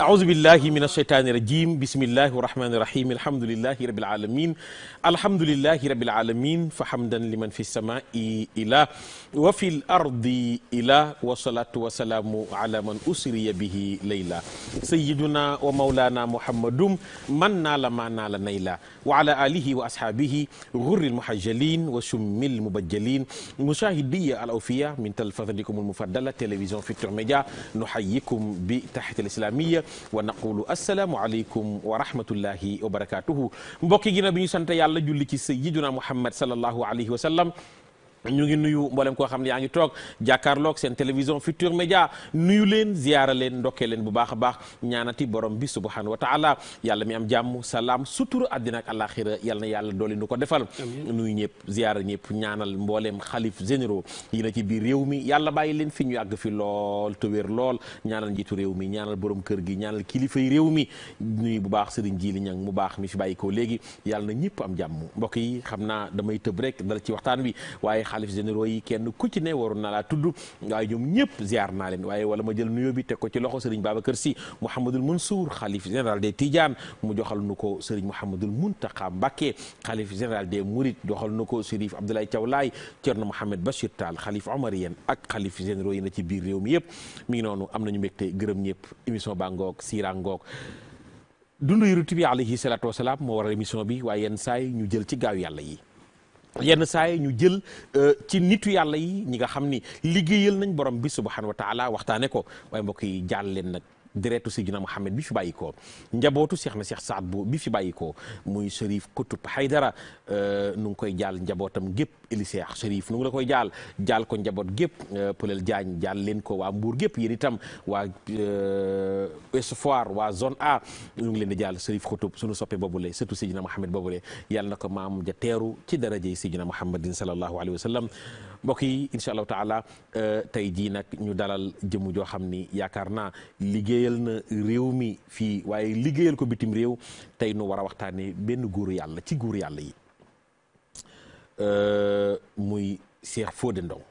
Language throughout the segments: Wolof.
أعوذ بالله من الشيطان الرجيم بسم الله الرحمن الرحيم الحمد لله رب العالمين الحمد لله رب العالمين فحمدا لمن في السماء إله وفي الأرض إله والصلاة والسلام على من أسري به ليلا سيدنا ومولانا محمد من نال ما نال نيلا وعلى آله وأصحابه غر المحجلين وشم المبجلين مشاهدي الأوفياء من تلفزيونكم المفضلة تلفزيون في ميديا نحييكم بتحت الإسلامية ونقول السلام عليكم ورحمة الله وبركاته مبوكي جينا بني سنت يالا جولي كي سيدنا محمد صلى الله عليه وسلم ñu ngi nuyu mboolem koo xam ne yaa ngi toog television seen télévision Futur Média nuyu leen ziyaara leen ndokkee leen bu baax a baax ñaanati borom bi subhanahu wa taala yàlla mi am jàmm salam sutur adina ak alaxira yàlla na yàlla doole nu ko defal nuyu ñëpp ziyaara ñëpp ñaanal mboolem xalif généraux yi na ci biir réew mi yàlla bàyyi leen fi ñu yàgg fi te ñaanal mi ñaanal borom Kergi, gi ñaanal kilifa yi réew mi nuyu bu baax sëriñ Jili Ñang mu baax mi fi bàyyi ko léegi na am jàmm mbokk yi xam damay tëb rek dala ci waxtaan xalif généraux yi kenn ku ci ne waroon na laa tudd waaye ñoom ñëpp ziar naa leen waaye wala ma jël nuyoo bi teg ko ci loxo Serigne Babacar Sy Mouhamadul Mansour xalif général des Tidiane mu joxal nu ko Serigne Mouhamadul Mountakha Mbacké xalif général des Mourides joxal nu ko Serif Abdoulaye Thiaw na Thierno Mohamed Bachir Tall xalif omarien ak xalif généraux yi na ci biir réew mi yëpp mi ngi noonu am nañu mbégte gërëm ñëpp émission baa ngoog siira ngoog dundu yonent bi alayhi salaatu bi waaye yenn ñu jël ci gaaw yàlla yi yenn saa yi ñu jël euh, ci nitu yàlla yi ñi nga xam ni liggéeyal nañ borom bi subhanahu wa taala waxtaane ko waaye mbokk yi jàll leen nag direetu Seydina Mouhamed bi fi bàyyi koo njabootu Cheikh na Cheikh Saad bu bi fi bàyyi koo muy Cherif Kutub Haydara euh, nu ngi koy jaal njabootam gépp Eli Cheikh Cherif nu la koy jaal jaal ko njaboot gépp euh, Pëlel Diagne jaal leen ko waa Mbour gépp yéen itam waa euh, Ouest Foire waa zone A nu ngi leen di jaal Cherif Kutub sunu soppe boobule surtout Seydina Mouhamed boobule yàlla na ko maam ja teeru ci darajey Seydina Mouhamedin sallallahu alayhi wa sallam mbokk yi incha allahu taala tey jii nag ñu dalal jëmu joo xam ni yaakaar naa liggéeyal na réew mi fii waaye liggéeyal ko bitim réew tey nu war a waxtaanee benn góoru yàlla ci góoru yàlla yi muy Cheikh Fodé Ndong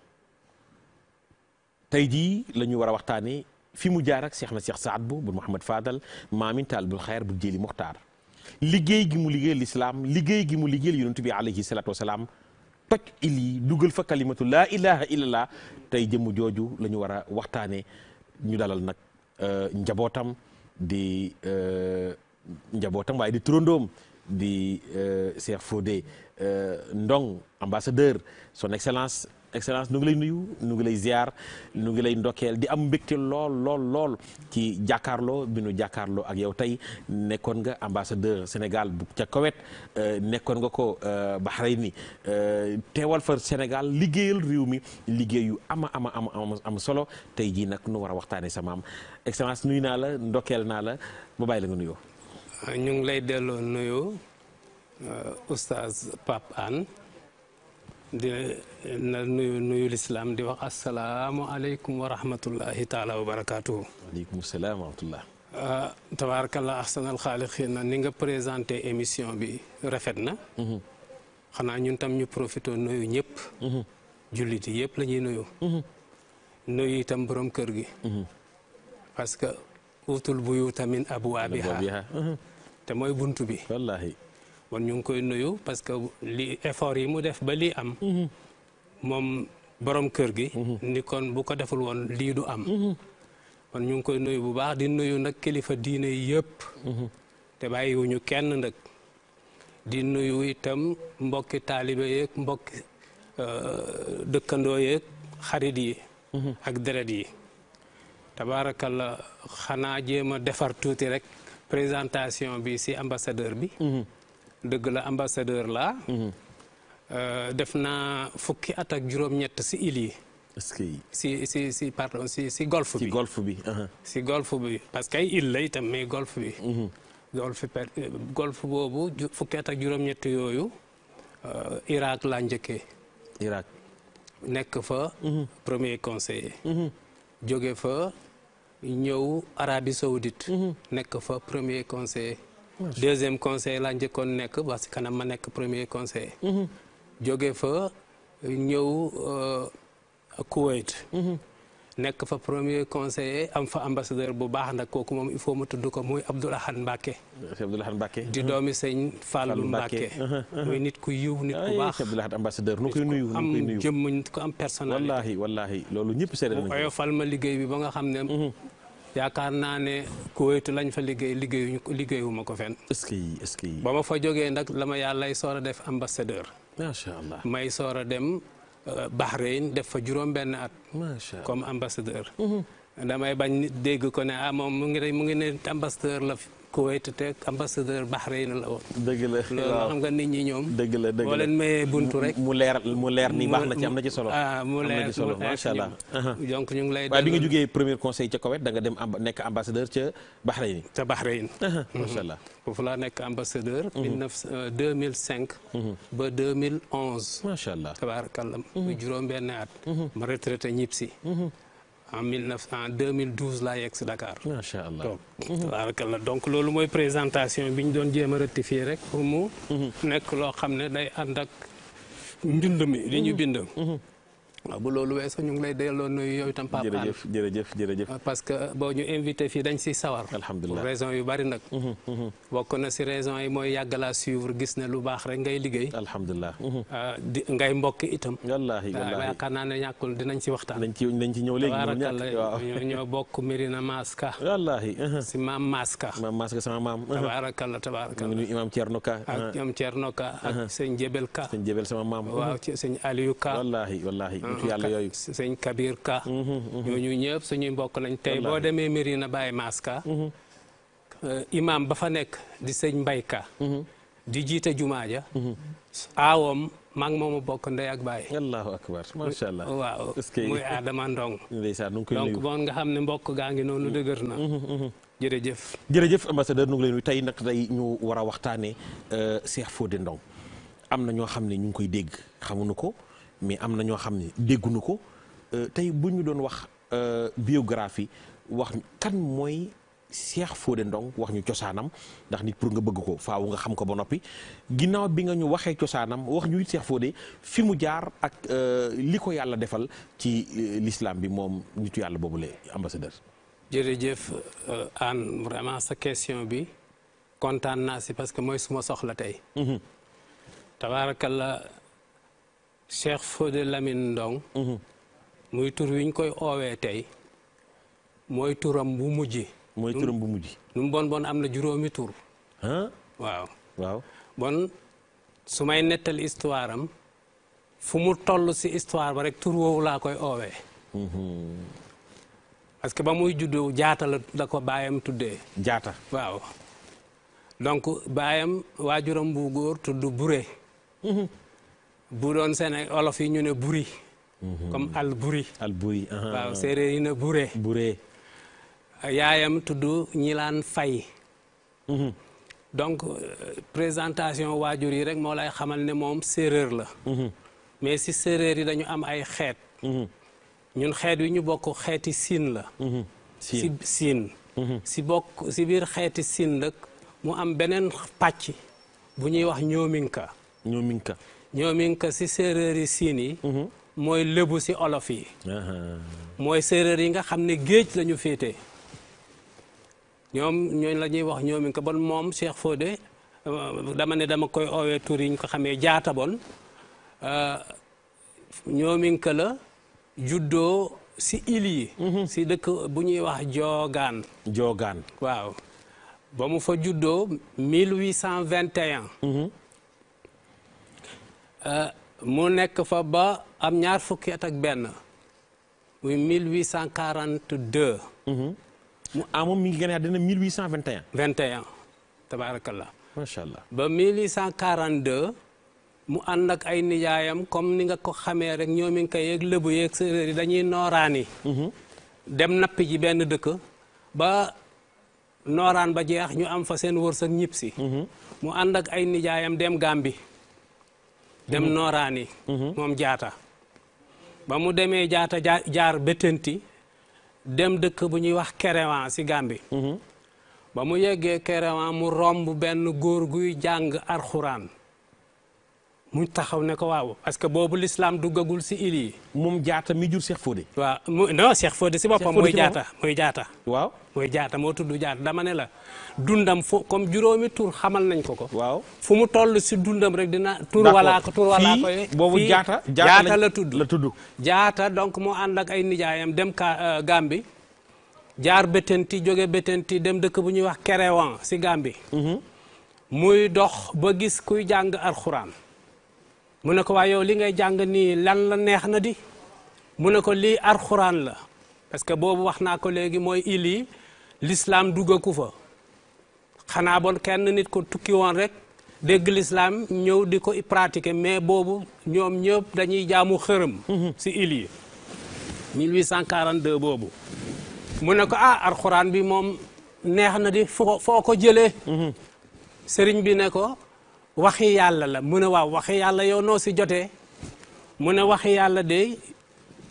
tey jii la ñu war a waxtaanee fi mu jaar ak Cheikh na Cheikh Saad bu bu Mouhamed Fadal Maamin Taal bul Xayr bu Jéli Muxtaar liggéey gi mu liggéeyal lislaam liggéey gi mu liggéeyal yonent bi alayhi salatu wasalaam toj ili yi dugal fa kalimatu la ilaha illallah tey jëmm jooju la ñu war ñu dalal nak euh, njabotam di euh, njabotam way di turundom di euh, Cheikh Fodé Ndong ambassadeur son excellence excellence nu ngi lay nuyu nu ngi lay ziar nu ngi lay ndokkeel di am mbégte lool lool ci jàkkaarloo bi nu jàkkaarloo ak yow tey nekkoon nga ambassadeur Sénégal bu ca Koweït euh, nekkoon nga ko euh, Bahreïn euh, teewal fa Sénégal liggéeyal réew mi liggéey yu ama ama ama am solo tey jii nag nu war a waxtaanee sama am excellence nuyu naa la ndokkeel naa la ba bàyyi la nga nuyoo. ñu ngi lay delloo nuyoo oustaz Pape Anne. di eh, na nuyu nuyu lislaam di wax asalaamualeykum wa rahmatullahi taala wa barakaatuhu. waaleykum salaam wa rahmatullah. Ah, tabaarakallah ahsanal xaaliqiin ni nga présenté émission bi rafet na. Mhm. xanaa ñun tam ñu profité nuyu ñëpp. Mhm. yëpp la ñuy mhm. kër gi. que utul buyuuta te mooy buntu bi. bon ñu ngi koy nuyu parce que li effort yi mu def ba lii am. Mhm. moom borom kër gi. Mhm. ni kon bu ko deful woon lii du am. Mhm. kon ñu ngi koy nuyu bu baax di nuyu nag kilifa diine yëpp. te bàyyiwuñu kenn nag. di nuyu itam mbokki taalibe yeeg mbokki euh, dëkkandoo yeeg xarit yi. ak deret yi. tabaarakalla xanaa jéem a defar tuuti rek présentation bi ci ambassadeur bi. dëgg la ambassadeur la mhm. euh, def naa fukki at juróom-ñett si île yi. si si bi si golfe bi. parce que ay île la itam mais golfe bi. Mhm. Euh, golfe boobu fukki at juróom-ñett yooyu euh, Irak laa njëkkee. Irak nekk fa. Mhm. premier conseiller. jóge fa ñëw Arabie Saoudite. nekk fa premier conseiller. deuxième conseiller laa njëkkoon nekk parce kanam ma nekk premier conseiller. Mhm. jóge fa ñëw euh, Kuwait. Mhm. nekk fa premier conseiller am fa ambassadeur bu baax nag kooku moom il faut ma tudd ko muy Abdoul Ahad Mbacké. Abdoul Ahad Mbacké. di doomi sëñ Fallou Mbacké. muy nit ku yiw nit ku baax. Abdoul ambassadeur nu koy nu koy am jëmm nit ku am personnalité. wallaahi ba nga xam ne. Mhm. yaakaar naa ne Kuweytu lañ fa liggéey liggéeyuñu liggéeyuma ko fenn. est-ce que est-ce ba ma fa jógee nag la ma yàllay soor a def ambassadeur. macha allah may soor a dem euh, Bahreïn def fa juróom-benn at. macha allah comme ambassadeur. Mhm. damay bañ nit dégg ko ne ah mu ngi ne ambassadeur la Kuwait te ambassadeur Bahreïn la woon. dëgg la loolu xam nga nit ñi ñoom. dëgg la dëgg la boo leen mayee buntu rek. mu leer mu leer ni baax na ci am na ci solo. ah mu leer mu solo macha allah. Uh-huh. donc ñu ngi lay. waaye bi nga jógee premier nekk ambassadeur ca Bahreïn. ca Bahreïn. Uh-huh. Mm-hmm. macha allah foofu laa nekk ambassadeur. 2005. Mm-hmm. Euh, mm-hmm. ba 2011. allah tabaarakallam. juróom-benn at. ma retraité ñibbisi. en mille neuf en deux mille douze laa yegg si Dakar. macha allah donc. tabaarakallah donc loolu mooy présentation bi ñu doon jéema a rek pour mu. Mhm. nekk loo xam ne day ànd ak mbind mi li ñu bind. Mhm. waaw loolu weesoo ñu ngi lay delloo nuyu yow itam. Pape Hann jërëjëf jërëjëf jërëjëf. Ah, parce que boo ñu invité fii dañ siy sawar. alhamdulilah raison yu bari nag. Mhm, mhm. bokk na si raison yi mooy yàgg laa suivre gis ne lu baax rek ngay liggéey. alhamdulilah. Ah, di ngay mbokk itam. wallaahi wallaahi yaakaar naa ne ñàkkul dinañ si waxtaan. dañ ci dañ ci ñëw léegi bokk Medina Maska. wallaahi. Uh-huh. si maam Maska. maam Maska sama maam. Uh-huh. tabaarakalla tabaarakalla. ñu ngi nuyu imaam Thierno Ka. ak uh-huh. ñoom Thierno Ka. ak sëñ Jébel Ka. sëñ Jébel sama maam. waaw sëñ Aliou Ka. nitu yàlla yooyu sëñ Kabir Ka mm-hmm, mm-hmm. ñooñu ñëpp suñuy mbokk lañ tey boo demee Medina Baye Mass Ka mm-hmm. euh, imam ba fa nekk di sëñ Mbay di jiite jumaa ja aawom maa ngi moom a bokk ndey ak baay. allahu akbar macha muy Adama Ndong. ndeysaan nu nga xam ne mbokk gaa ngi noonu dëgër na. jërëjëf. jërëjëf ambassadeur nu tey nag tey ñu war a waxtaanee euh, Cheikh Ndong am na ñoo xam ne ñu koy dégg xamuñu ko. mais am na ñoo xam ne déggunu ko euh, tey bu ñu doon wax euh, biographie wax kan mooy Cheikh Fodé Ndong wax ñu cosaanam ndax nit pour nga bëgg ko faaw nga xam ko ba noppi ginnaaw bi nga ñu waxee cosaanam wax ñu it Cheikh Fodé fi mu jaar ak euh, li ko yàlla defal ci lislaam bi moom nitu yàlla boobule ambassadeur. jërëjëf Anne vraiment sa question bi kontaan naa si parce que mooy suma soxla tey. Mhm. tabaarakallah Cheikh Fodé Lamine Ndong mhm. muy tur wi koy oowee tey mooy turam bu mujj mooy nu mu bon bon am na juróomi tur waaw bon su may nettal histoire fu mu toll si histoire ba rek tur woowu laa koy oowee mhm. parce que ba muy juddu jaata la la ko baayam tuddee jaata waaw donc baayam waajuram bu góor tudd Bure mhm. bu doon Sénégal olof yi ñu ne buri mhm. comme al buri al buri ah, ah, waaw ah. séeréer yi ne buree buree yaayam tudd ñilaan fay mhm. donc euh, présentation waajur yi rek moo lay xamal ne moom séeréer la mhm. mais si séeréer yi dañu am ay xeet ñun xeet wi ñu bokk xeeti siin la si siin si bokk si biir xeeti siin nag mu am beneen pàcc bu ñuy wax ñoominka ñoominka ñoom ñu si séeréer yi siin yi. Mhm. mooy lébu si olof yi. mooy séeréer yi nga xam ne géej lañu féete féetee. ñoom ñooñu la ñuy wax ñoom ñu ko bon moom Cheikh Fodé euh, dama ne dama koy oowee tur yi ñu ko xamee jaata bon euh, ñoom ñu ko la juddoo si il yi. Mhm. si dëkk bu ñuy wax Joogaan. Joogaan waaw. ba mu fa juddoo 1821. Euh, mo nek fa ba am ñaar fukki at ak ben muy 1842. Mhm. mu ah mi ngi gën 1821. 21 tabaarakallah. macha allah ba 1842 mu and ak ay nijaayam comme ni nga ko xamé rek ñoom ngi kay ak lebu yeeg séeréer yi dañuy nooraani. Mhm. dem nappi ji ben dekk ba noran ba jeex ñu am fa seen wërsëg ñipsi mhm. mu and ak ay nijaayam dem gambie dem mm-hmm. nooraani mm-hmm. moom jaata ba mu demee jaata jaar bétanti dem dëkk bu ñuy wax Kerewan si Gàmbi mm-hmm. ba mu yeggee Kerewan mu romb benn góor guy jàng arxuraan mu taxaw ne ko waaw parce que boobu l'islam duggagul si il moom jaata mi jur seex Fodé. waaw mu non Cheikh Fodé si boppam. mooy jaata mooy jaata. moo tudd jaata dama ne la. dundam fu comme juróomi tur xamal nañ ko ko. waaw fu mu toll si dundam rek dina. tur walaa ko tur walaa ko fii boobu jaata jaata la tudd la tudd. jaata donc moo ànd ak ay nijaayam dem ka euh, Gàmbi jaar Bettenty jóge Bettenty dem dëkk bu ñuy wax Kerewan si Gàmbi. Mm-hmm. muy dox ba gis kuy jàng alxuraan. mu ne ko waa yow li ngay jàng nii lan la neex na di mu ne ko lii arxuraan la parce que boobu wax naa ko léegi mooy il yi l'islam duggaku fa xanaa bon kenn nit ko tukki woon rek dégg lislaam ñëw di ko pratiquer mais boobu ñoom ñëpp dañuy jaamu xërëm si il yi boobu mu ne ko ah arxuraan bi moom neex na di foo foo ko jëlee mhm. sëriñ bi ne ko waxi yàlla la mu ne waaw waxi yàlla yow noo si jotee mu ne waxi yàlla de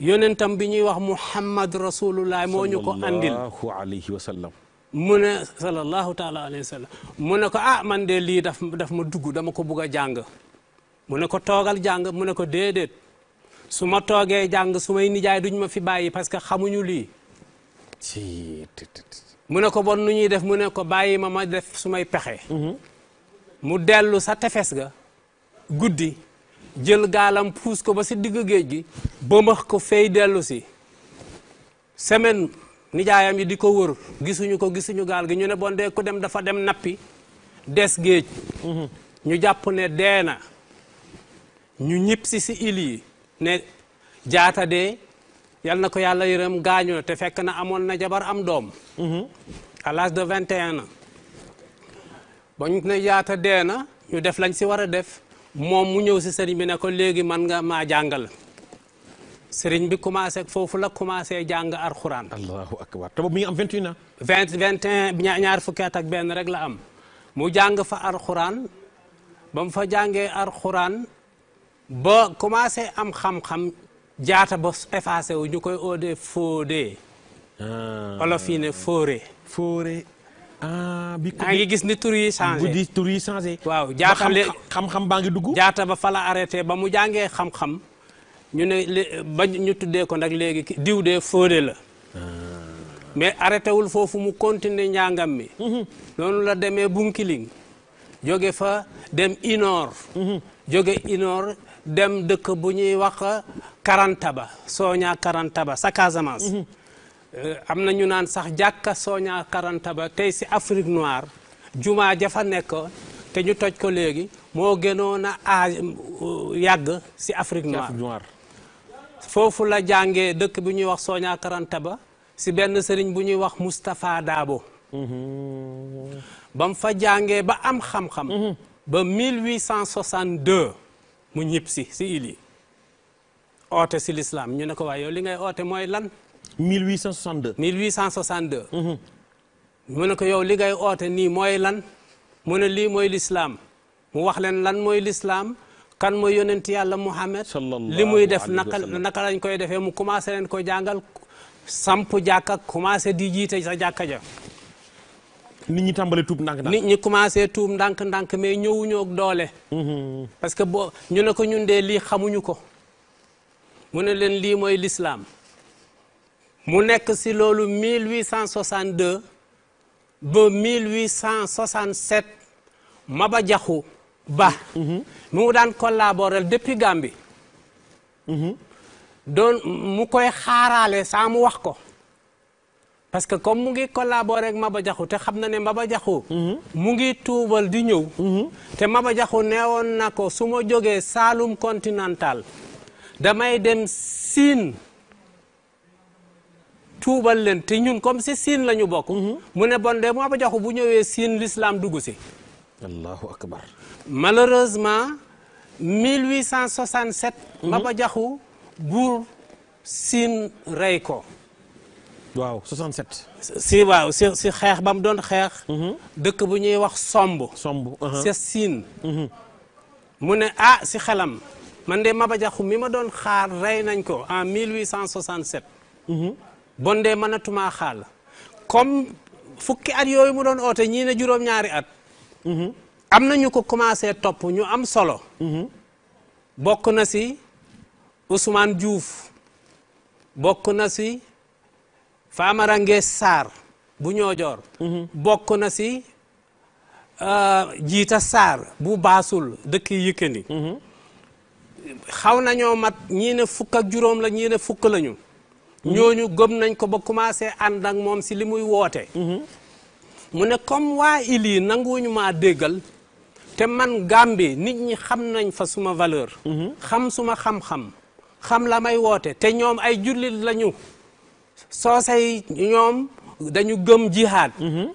yonentam bi ñuy wax muhammad rasulullah moo ñu ko andil alayhi wa sallam mu ne sallallahu taala alayhi wa mu ne ko ah man de lii daf daf ma dugg dama ko bugg a jàng mu ne ko toogal jàng mu ne ko déedéet su ma toogee jàng su may nijaay duñ ma fi bàyyi parce que xamuñu lii mu ne ko bon nu ñuy def mu ne ko bàyyi ma ma def su may pexe mm-hmm. mu dellu sa tefes ga guddi jël gaalam puus ko ba si digg géej gi bëmëx ko fey dellu si semaine nijaayam yi di ko wër gisuñu ko gisuñu gaal gi ñu ne bon dee ku dem dafa dem nappi des géej mhm. ñu jàpp ne dee na ñu ñib si si il yi ne jaata dee yal na ko yàlla yërëm gaañu te fekk na amoon na jabar am doom mhm. à l'âge de 21 ans boo ñu ne yaata dee na ñu def lañ si war a def moom mu ñëw si sëriñ bi ne ko léegi man nga maa jàngal sëriñ bi commencé foofu la commencé jàng alxuraan. allahu akbar te boobu mi ngi am 21 ans. 20 ñaar fukki at ak benn rek la am mu jàng fa alxuraan ba mu fa jàngee alxuraan boo commencé am xam-xam jaata ba effacé wu ñu koy oodee foodee. Ah. olof yi ne fooree. fooree. ah bi ngi gis ni tur yi changé bu di waaw jaaxle xam baa ngi dugg. jaata ba fa la arrêté ba mu jàngee xam-xam ñu ne ba ñu tuddee ko nag léegi diw de Fodé la. Ah. mais arrêté wul foofu mu continuer njàngam mi. Mm-hmm. noonu la demee Bunkiling joge fa dem Inor. Mm-hmm. jóge Inor dem dëkk bu ñuy wax Karantaba sooña Karantaba sa Casamance. Mm-hmm. Euh, am na ñu naan sax jàkka Sonia Karanta ba tey si Afrique noire jumaa jafa nekk te ñu toj ko léegi moo gënoon a aaj euh, yàgg si Afrique noire foofu la jàngee dëkk bu ñuy wax soña Karanta ba si benn sëriñ bu ñuy wax Moustapha Dabo mm-hmm. ba fa jàngee ba am xam-xam mm-hmm. ba 1862 mu ñib si si ili oote si lislaam ñu ne ko waaye yow li ngay oote mooy lan 1862. 1862. mu ne ko yow li ngay oote nii mooy lan mu ne lii mooy lislaam mu wax leen lan mooy lislaam kan mooy yonent yàlla mu Muhammad li muy def naka naka lañ koy defee mu commencé leen ko jàngal samp jàkka commencé di jiite sa jàkka ja nit ñi tàmbale tuub ndànk-ndànk nit ñi commencé tuub ndànk-ndànk mais ñëwuñoo ak doole mm-hmm. parce que boo ñu ne ko ñun dee lii xamuñu ko mu ne leen lii mooy lislaam mu nekk si loolu 1862 ba 1867 Maba Jaxu Ba mhm. mu daan collaborer depuis Gambie mhm. doon mu koy xaaraale saa mu wax ko parce que comme mu ngi collaborer ma ba Jaxu te xam na ne ma ba Jaxu mhm. mu ngi tuubal di ñëw te Maba Jaxu neewoon na ko su ma jógee Saalum continental damay dem Siin tuubal leen te ñun comme si siin la ñu bokk. Mhm. mu ne bon de ba jox bu ñëwee siin lislaam dugg si. allahu akbar. malheureusement ma Maba Jaxu buur siin rey ko. waaw 67. si xeex ba mu doon xeex. Mhm. dëkk bu ñuy wax somb. somb uh-huh. si siin. Mhm. mu ne ah si xelam man de ba Jaxu mi ma doon xaar rey nañ ko en 1867. bon dee mënatumaa xaal comme fukki at yooyu mu doon oote ñiine ne juróom-ñaari at mhm. am na ñu ko commencé topp ñu am solo mhm. bokk na si Ousmane juuf bokk na si faamara Nges Sarr bu Ñoojoor mhm. bokk na si euh, Jiita saar bu Baasul dëkk Yëkkëni xaw nañoo mat ñii ne fukk ak juróom la ñii fukk lañu ñooñu gëm nañ ko ba commencé ànd ak moom si li muy woote. Mhm. mu ne comme waa ili nanguwuñu maa déggal te man Gambie nit ñi xam nañ fa suma valeur. Mhm. xam suma xam-xam xam la may woote te ñoom ay jullit lañu soose ñoom dañu gëm jihaad. Mhm.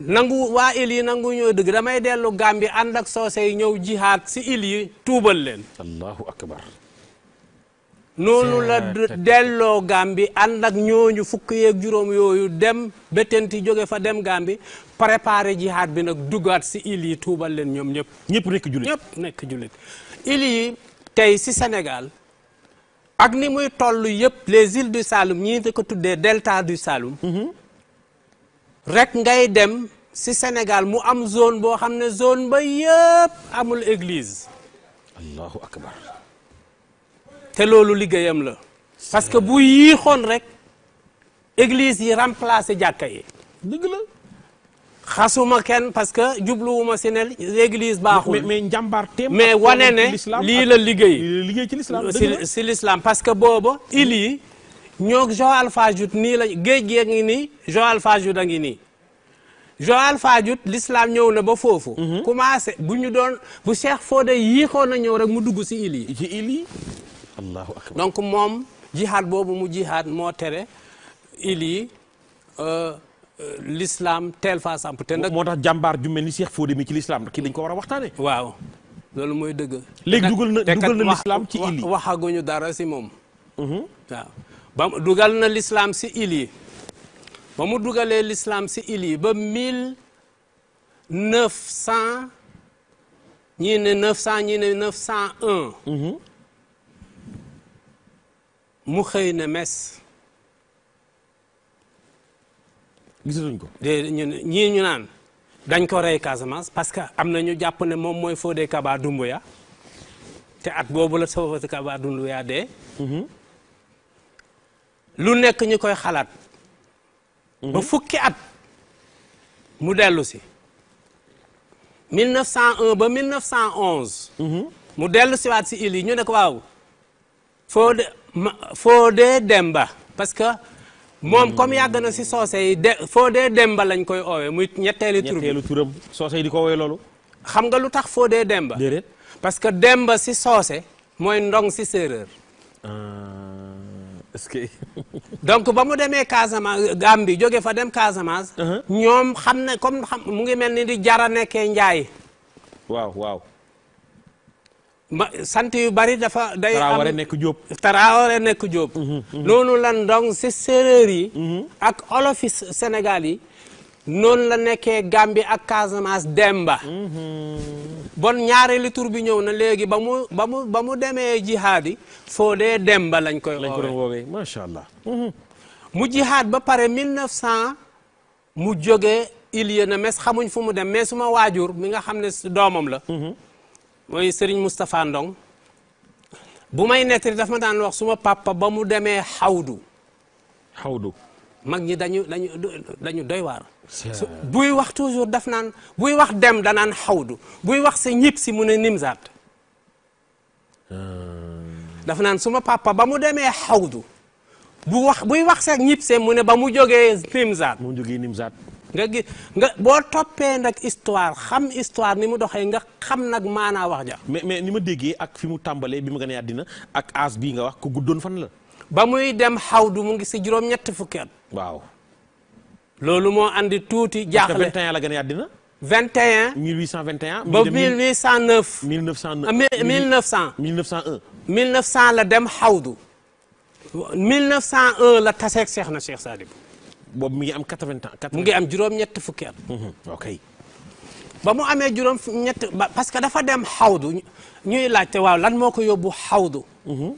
nangu waa il yi nangu ñoo dëgg damay dellu Gambie ànd ak soose yi ñëw jihaad si il yi tuubal leen. noonu la delloo bi ànd ak ñooñu fukk yeeg juróom yooyu dem betenti jóge fa dem Gàmbi préparé jihaad bi nag dugaat si îles yi tuubal leen ñoom ñëpp. ñëpp nekk jullit ñëpp nekk jullit. îles yi tey ci senegal ak ni muy toll yëpp les îles du Saloum ñii di ko tuddee delta du Saloum. Mhm. rek ngay dem si senegal mu am zone boo xam ne zone ba yëpp amul église. te loolu liggéeyam la parce que bu yiixoon rek église yi remplacé jàkka yi dëgg la xasuma kenn parce que jubluwuma si ne l'église baaxul mais njàmbaarteem mais wane né. lii la liggéey liggéey ci l'islam si l'islam parce que booba il yi ñoog Joal Fadiouth nii la géej gee ngi nii Joal Fadiouth a ngi nii Joal Fadiouth l'islam ñëw na ba foofu mhm. commencé bu ñu doon bu Cheikh Fodé yiixoon na ñëw rek mu dugg si il yi ci il yi allahu akbar donc moom jihaad boobu mu jihaad moo tere ili euh, euh, l'islam tel faa samp te nag moo tax jàmbaar ju mel ni Cheikh Fodé mi ci l'islam ki dañ ko war a waxtaane waaw loolu mooy dëgg léegi dugal na dugal na l'islam ci ili waxaguñu dara si moom mhm. waaw ba dugal na l'islam si ili ba mu dugalee l'islam si ili ba mille neuf cent ñii ne neuf cent ñii ne neuf cent un mhm. mu xëy ne mes gisatuñ ñu ñii ñu naan dañ ko rey Casamance parce que am na ñu jàpp ne moom mooy Fodé Kaba Doumbouya te at boobu la Fodé Kaba Doumbouya dee mhm. lu nekk ñu koy xalaat mhm. ba fukki at mu dellu si 1901 ba 1911 mhm. mu dellu si waat si île yi ñu ne ko waaw Fodé Fodé Demba parce que moom comme yàgg na si soose yi de Fodé Demba lañ koy oowee muy ñetteelu tur bi soose yi di ko woowee loolu. xam nga lu tax Fodé Demba. déedéet parce que Demba si soose mooy ndong si séeréer. Euh, est que. donc ba mu demee Casamance Gambie jóge fa dem Casamance. Uh-huh. ñoom xam ne comme xam mu ngi mel ni di jara nekkee Njaay. waaw waaw. sant yu bari dafa day nekk jóob Traoré nekk Diop loolu lan donc si séeréer yi mm-hmm. ak olofi Sénégal yi noonu la nekkee Gambie ak Casamance Demba mm-hmm. bon ñaareelu tur bi ñëw na léegi ba mu ba mu ba mu demee jihaadi foo dee Demba lañ koy woowee macha allah mm-hmm. mu jihaad ba pare 1900 mu jóge il yéen a mes xamuñ fu mu dem mais suma waajur mi nga xam ne doomam la mooy Serigne Moustapha Ndong bu may nettali daf ma daan wax suma papa ba mu demee xawdu. xawdu mag ñi dañu dañu dañu doy waar. buy wax toujours daf naan buy wax dem danaan xawdu buy wax si ñib si mu ne nimzaat. Euh. daf naan suma papa ba mu demee xawdu bu wax buy wax sa ñib see mu ne ba mu jógee nimzaat. mu jógee nimzaat. nga gi nga boo toppee nag histoire xam histoire ni mu doxee nga xam nag maanaa wax ja mais mais ni ma déggee ak fi mu tàmbalee bi ma gën a àddina ak as bii nga wax ku guddoon fan la ba muy dem xawdu mu ngi si juróom-ñetti fukki waaw loolu moo andi tuuti jaaxle 21 la gën a àddina 21 1821 ba 1809 1909 1900 1901 1900 la dem xawdu 1901 la taseeg seex na Cheikh Sadibou boobu mi ngi am 80 ans. 80 mu ngi am juróom-ñett fukki at. Mhm, ok ba mu amee juróom-ñett ba parce que dafa dem xawdu ñuy laajte waaw lan mhm.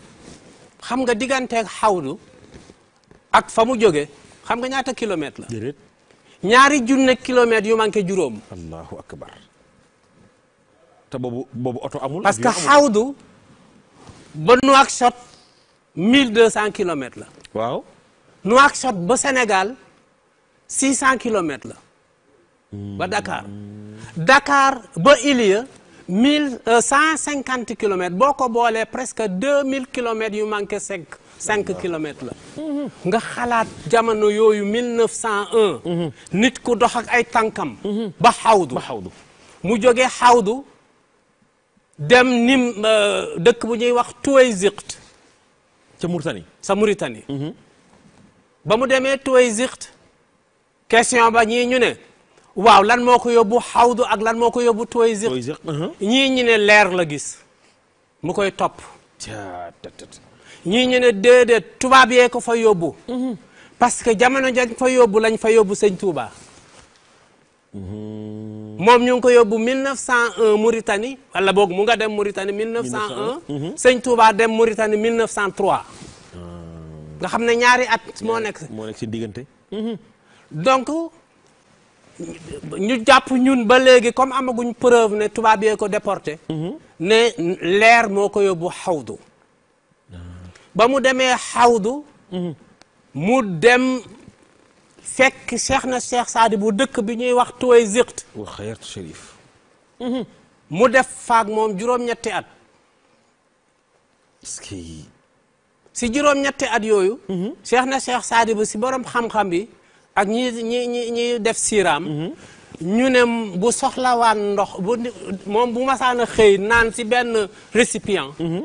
xam nga ak famu mu xam nga ñaata kilomètre la. ñaari junne kilomètre yu manqué juróom. allahu akbar. te boobu boobu oto amul. parce que xawdu ba shot 1200 kilomètres la. waaw shot ba Sénégal. six cent kilomètres la ba Dakar Dakar ba Ilia mille euh, cinquante kilomètres boo ko boolee presque deux mille kilomètres yu manqué cinq cinq kilomètres la nga xalaat jamono yooyu mille neuf nit ku dox ak ay tànkam ba xawdu ba xawdu mu jógee xawdu dem nim euh, dëkk bu ñuy wax Tuwayziqt ca Mauritanie sa Mauritanie ba mu demee Tuwayziqt question ba ñii ñu ne waaw lan moo ko yóbbu xawdu ak lan moo ko yóbbu tooy ziq uh-huh. ñii ñu ne leer la gis mu koy topp ñii ñu ne déedéet tubaab yee ko fa yóbbu mm-hmm. parce que jamono jañ fa yóbbu lañ fa yóbbu sëñ Touba mm-hmm. moom ñu ngi ko yóbbu 1901 Mauritanie wala boog mu nga dem Mauritanie 1901 uh-huh. sëñ Touba dem Mauritanie 1903 ah. nga xam ne ñaari at moo nekk moo nekk si diggante mm-hmm. donc ñu jàpp ñun ba léegi comme amaguñ preuve ne tubaab yee ko déporté mhm. ne leer moo ko yóbbu xawdu ba mu demee xawdu mhm. mu dem fekk cheikh na cheikh saadi bu dëkk bi ñuy wax tuway ziqt wa xayatu mhm. mu def faag moom juróom-ñetti at si juróom-ñetti at yooyu cheikh na cheikh saadi bu si borom xam-xam bi ak ñi ñi ñi ñi def siiraam mhm. ñu ne bu soxlawaan ndox bu moom bu masaan a xëy naan si benn récipient mhm.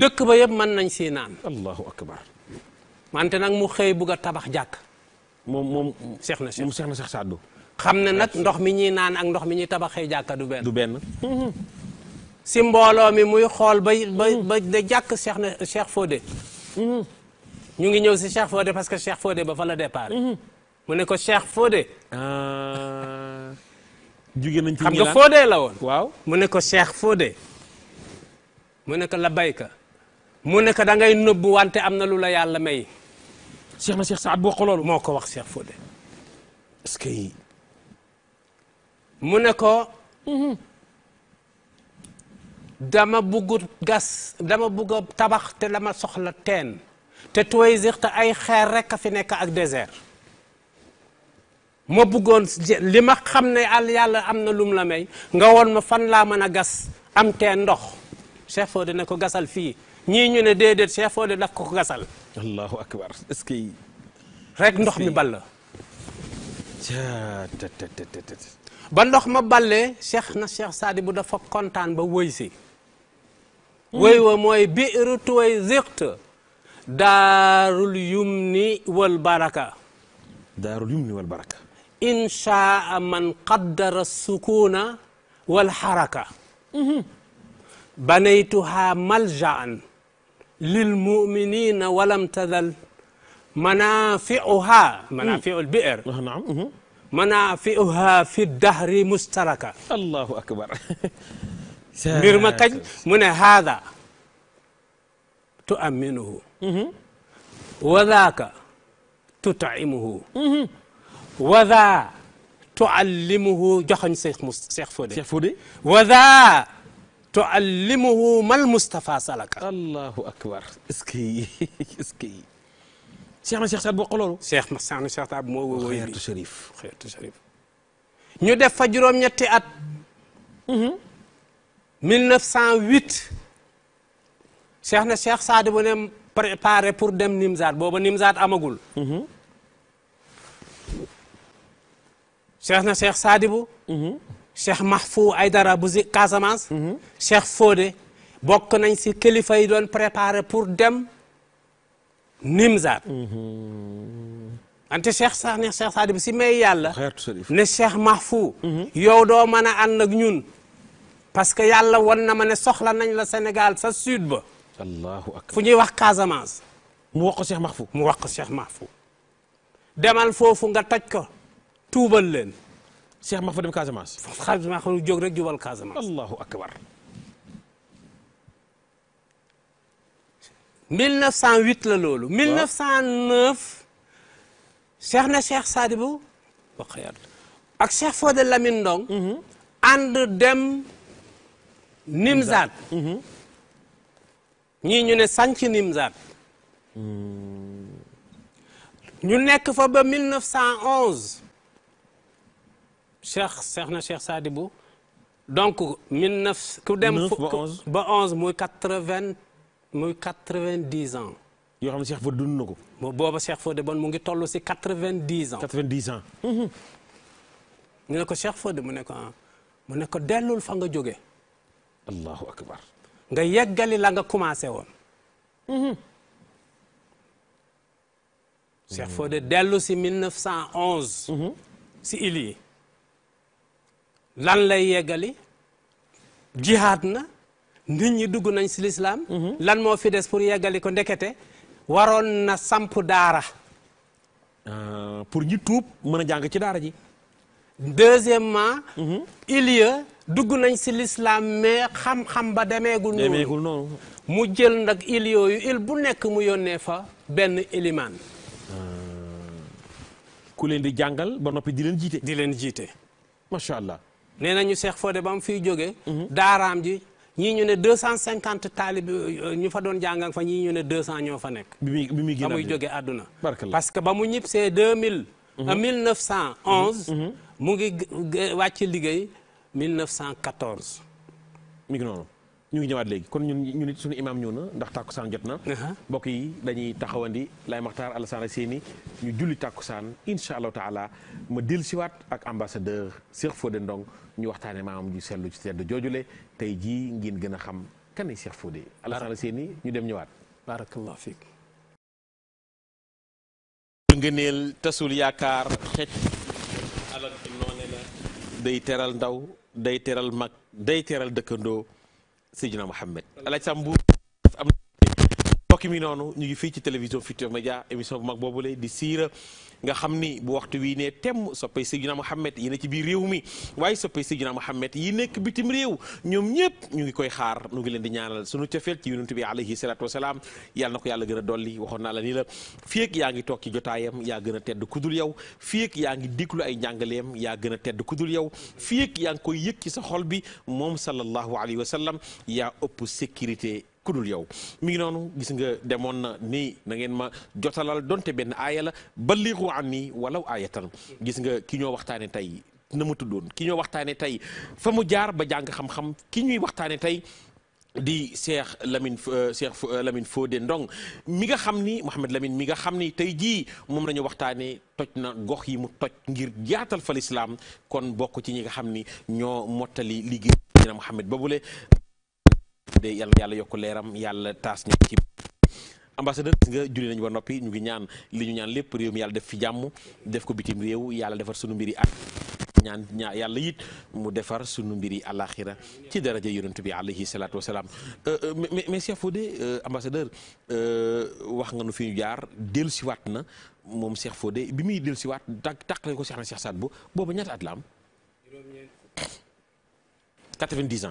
dëkk ba yëpp mën nañ si naan allahu nag mu xëy bugg a tabax jàkk moom moom seex na moom seex na sax sàddu xam ne nag ndox mi ñuy naan ak ndox mi ñuy tabaxee jàkka du benn si mhm. mbooloo mi muy xool ba jàkk seex na seex Fodé ñu ngi ñëw si Cheikh Fodé parce que Cheikh Fodé ba fa la départ. Mhm. mu ne ko Cheikh Fodé. Ah. nañ ci xam nga Fodé la woon. waaw mu ne ko Cheikh Fodé. mu ne ko la bayka mu ne ko da ngay nëbbu wante am na lu la yàlla may. Cheikh na Cheikh Saad boo ko loolu moo ko wax Cheikh Fodé. est-ce que mu ne ko. Mhm. dama bugg gas dama bugg a tabax te dama soxla teen. te Tuwaysir te ay xeer rek a fi nekk ak désert ma bëggoon li ma xam ne àll yàlla am na lum la may nga woon ma fan laa mën a gas am tee ndox Cheikh Fodé ne ko gasal fii ñii ñu ne déedéet Cheikh Fodé daf ko ko gasal. allahu rek ndox mi ball. ba ndox ma balle Cheikh na Cheikh Saadi bu dafa kontaan ba wëy si. Mm. wëy wa mooy biiru Tuwaysirta دار اليمن والبركة دار اليمن والبركة إن شاء من قدر السكون والحركة بنيتها ملجأ للمؤمنين ولم تزل منافعها منافع البئر آه، نعم منافعها في الدهر مشتركة الله أكبر مرمكج من هذا تؤمنه وذاك تطعمه وذا تعلمه جخن شيخ شيخ فودي شيخ فودي وذا تعلمه ما المصطفى سلك الله اكبر اسكي اسكي شيخ ما شيخ سعد بو شيخ ما سعد شيخ سعد مو وي خيرت شريف خيرت شريف ني ديف fa juróom ñetti at 1908 شيخنا شيخ سعد بن préparé pour dem nimzat bobu nimzat amagul. cheikh na cheikh Sadibou. cheikh Mahfou aidara buzi Casamance. cheikh Fodé bok nañ ci kilifa yi doon préparé pour dem nimzat ante cheikh sax ne cheikh Sadibou si may yàlla. ne cheikh Mahfou. yow do meuna ànd ak ñun. parce que yàlla won na ma ne soxla nañ la Sénégal sa sud ba. allahu akbar fu ñuy wax Casamance. mu wax ko Cheikh Mahfou mu wax ko Cheikh Mahfou demal foofu nga toj ko tuubal leen. Cheikh Mahfou dem Casamance. Cheikh Mahfou jóg rek jubal Casamance. allahu akbar 1908 la loolu. waaw 1909. Cheikh na Cheikh Sadibou. wax ak Cheikh Fodé Lamine Ndong. ànd dem. Nimzaat. Nous, ñu ne hmm. ñu nekk fa 1911 Cheikh Cheikh na Cheikh Sadibou donc 19 ba 11 muy 80 muy 90 ans. yo xam Cheikh Il Cheikh bon ngi 90 ans. 90 ans. Mhm. mu ne ah, akbar. nga yeggali la nga commencé woon. Mhm. Cheikh Fodé dellu si 1911. Mhm. si il yi lan lay yeggali jihaad na nit ñi dugg nañ si lislaam mhm. lan moo fi des pour yeggali ko ndekete waroon na samp daara. Euh, pour ñi tuub mën a jàng ci daara ji. deuxièmement il y dugg nañ si lislaam mais xam-xam ba demeegul noonu mu jël nag il yooyu il bu nekk mu yónnee fa benn ilimaan ah. ku leen di jàngal ba noppi di leen jiite di leen jiite macha allah nee nañu Seex Fodé ba mu fiy jógee mhm. daaraam ji ñii ñu ne deux cent cinquante taalib ñu fa doon jàngal fa ñii ñu ne deux cent ñoo fa nekk bi muy ba muy jóge àdduna parce que ba mu ñib see deux mille mhm. mille neuf cent onze mhm. mu ngi wàcc liggéey 1914. mi ngi noonu ñu ngi ñëwaat léegi kon ñu nit suñu imaam ñëw na ndax tàkkusaan jot na. Uh-huh. mbokk yi dañuy taxawandi lay maxtaar Alassane Seyni ñu julli tàkkusaan incha allahu taala ma dellusiwaat ak ambassadeur Cheikh Fodé Ndong ñu waxtaanee maamam ju sellu ci tedd joojule tey jii ngeen gën a xam kan ay Cheikh Fodé. seeni ñu dem ñëwaat. barakallahu fiik. yaakaar xëcc teral ndaw. day teral mag day teral dëkkandoo Seydina Mohamed El Hadj Samb mbokk mi noonu ñu ngi fii ci télévision Futur Média émission bu mag boobu boobule di siira nga xam ni bu waxtu wii ne temm soppay Seydina Mohamed yi ne ci biir réew mi waaye soppay Seydina Mohamed yi nekk bitim réew ñoom ñëpp ñu ngi koy xaar ñu ngi leen di ñaanal sunu cofeel ci yonent bi alayhi salaatu wasalaam yàlla na ko yàlla gën a dolli waxoon naa la ni la fiyeeg yaa ngi toog ci jotaayam yaa gën a tedd kudul yow fiyeeg yaa ngi déglu ay njàngaleem yaa gën a tedd kudul yow fiyeeg yaa ngi koy yëg ci sa xol bi moom sallallahu alayhi wa sallam yaa ëpp sécurité ku dul yow mi ngi noonu gis nga demoon na nii na ngeen ma jotalal donte benn aaya la balligu anni walaw aayatan gis nga ki ñoo waxtaane tey na mu tuddoon ki ñoo waxtaane tey fa mu jaar ba jàng xam-xam ki ñuy waxtaane tey di Cheikh Lamine euh, Cheikh euh, Lamine Fodé Ndong mi nga xam ni Mouhamed lamin mi nga xam ni tey jii moom la ñu waxtaanee toj na gox yi mu toj ngir jaatal fa lislaam kon bokk ci ñi nga xam ni ñoo mottali liggéey na Mouhamed Baboule de yal yàlla yokk leeram yàlla taas ñu ci ambassadeur gis nga julli nañu ba noppi ñu ngi ñaan li ñu ñaan lépp réew mi yàlla def fi jàmm def ko bitim réew yàlla defar sunu mbiri yi ak ñaan ñaa yàlla yit mu defar sunu mbir yi àllaaxira ci daraja yonent bi alayhi salaatu wasalaam mais mais Cheikh Fodé euh, ambassadeur euh, wax nga nu fi ñu jaar dellusiwaat na moom Cheikh Fodé bi muy dellusiwaat tàq tàqale ko Cheikh na Cheikh Saad bu booba ñaata at la am. 90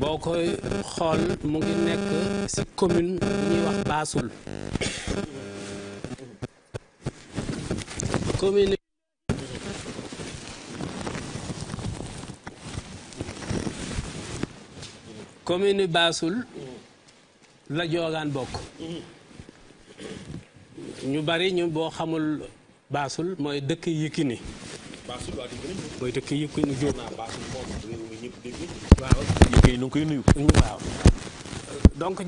boo koy xool mu ngi nekk ci commune bu ñuy wax Bassoul la joogaan bokk ñu bari ñu boo xamul Bassoul mooy dëkk Yikini donc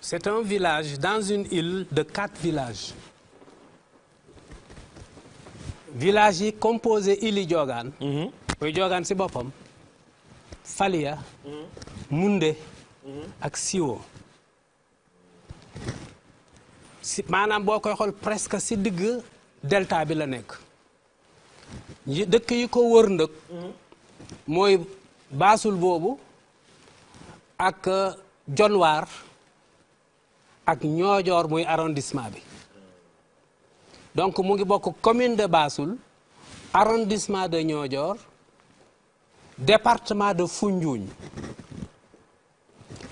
c'est un village dans une île de quatre villages. village composé île Diogan. Mhm. Diogan, c'est Faliya, Falia. Munde. Mhm. Mhm. Axio. Siwo. si presque si delta bi nji dëkk yi ko wër ndëkk mooy baasul boobu ak jonwaar euh, ak ñoojoor muy arrondissement bi donc mu ngi bokk commune de Bassoul arrondissement de ñoojoor département de Foundiougne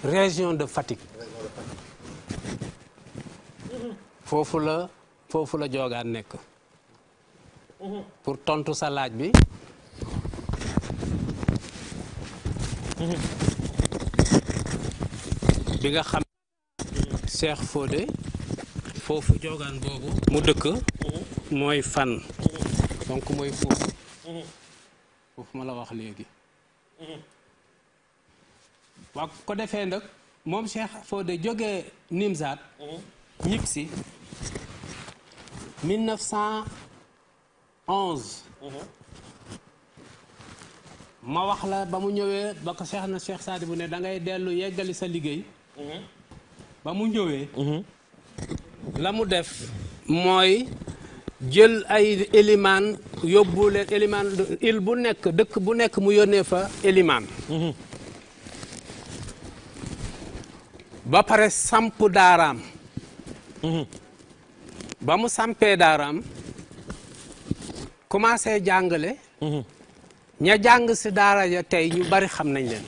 région de Fatick foofu la foofu la joogaan nekk pour tontu sa laaj bi. bi nga xam Cheikh Fodé foofu jogaan boobu mu dëkk mooy fan donc mooy foofu foofu ma la wax léegi waa ko defee nag moom Cheikh Fodé jógee Nimzaat ñibbisi 1900 onze ma wax la ba mu ñëwee ba ko Cheikh na Cheikh Saadi bu ne dangay dellu yeggali sa liggéey ba mu ñëwee la mu def mooy jël ay élimaan yóbbu leen élimaan il bu nekk dëkk bu nekk mu yónnee fa élimaan ba pare samp daaraam ba mu sampee daaraam commencé jàngale. Mhm. ña jàng si daara ja tey ñu bari xam nañ leen.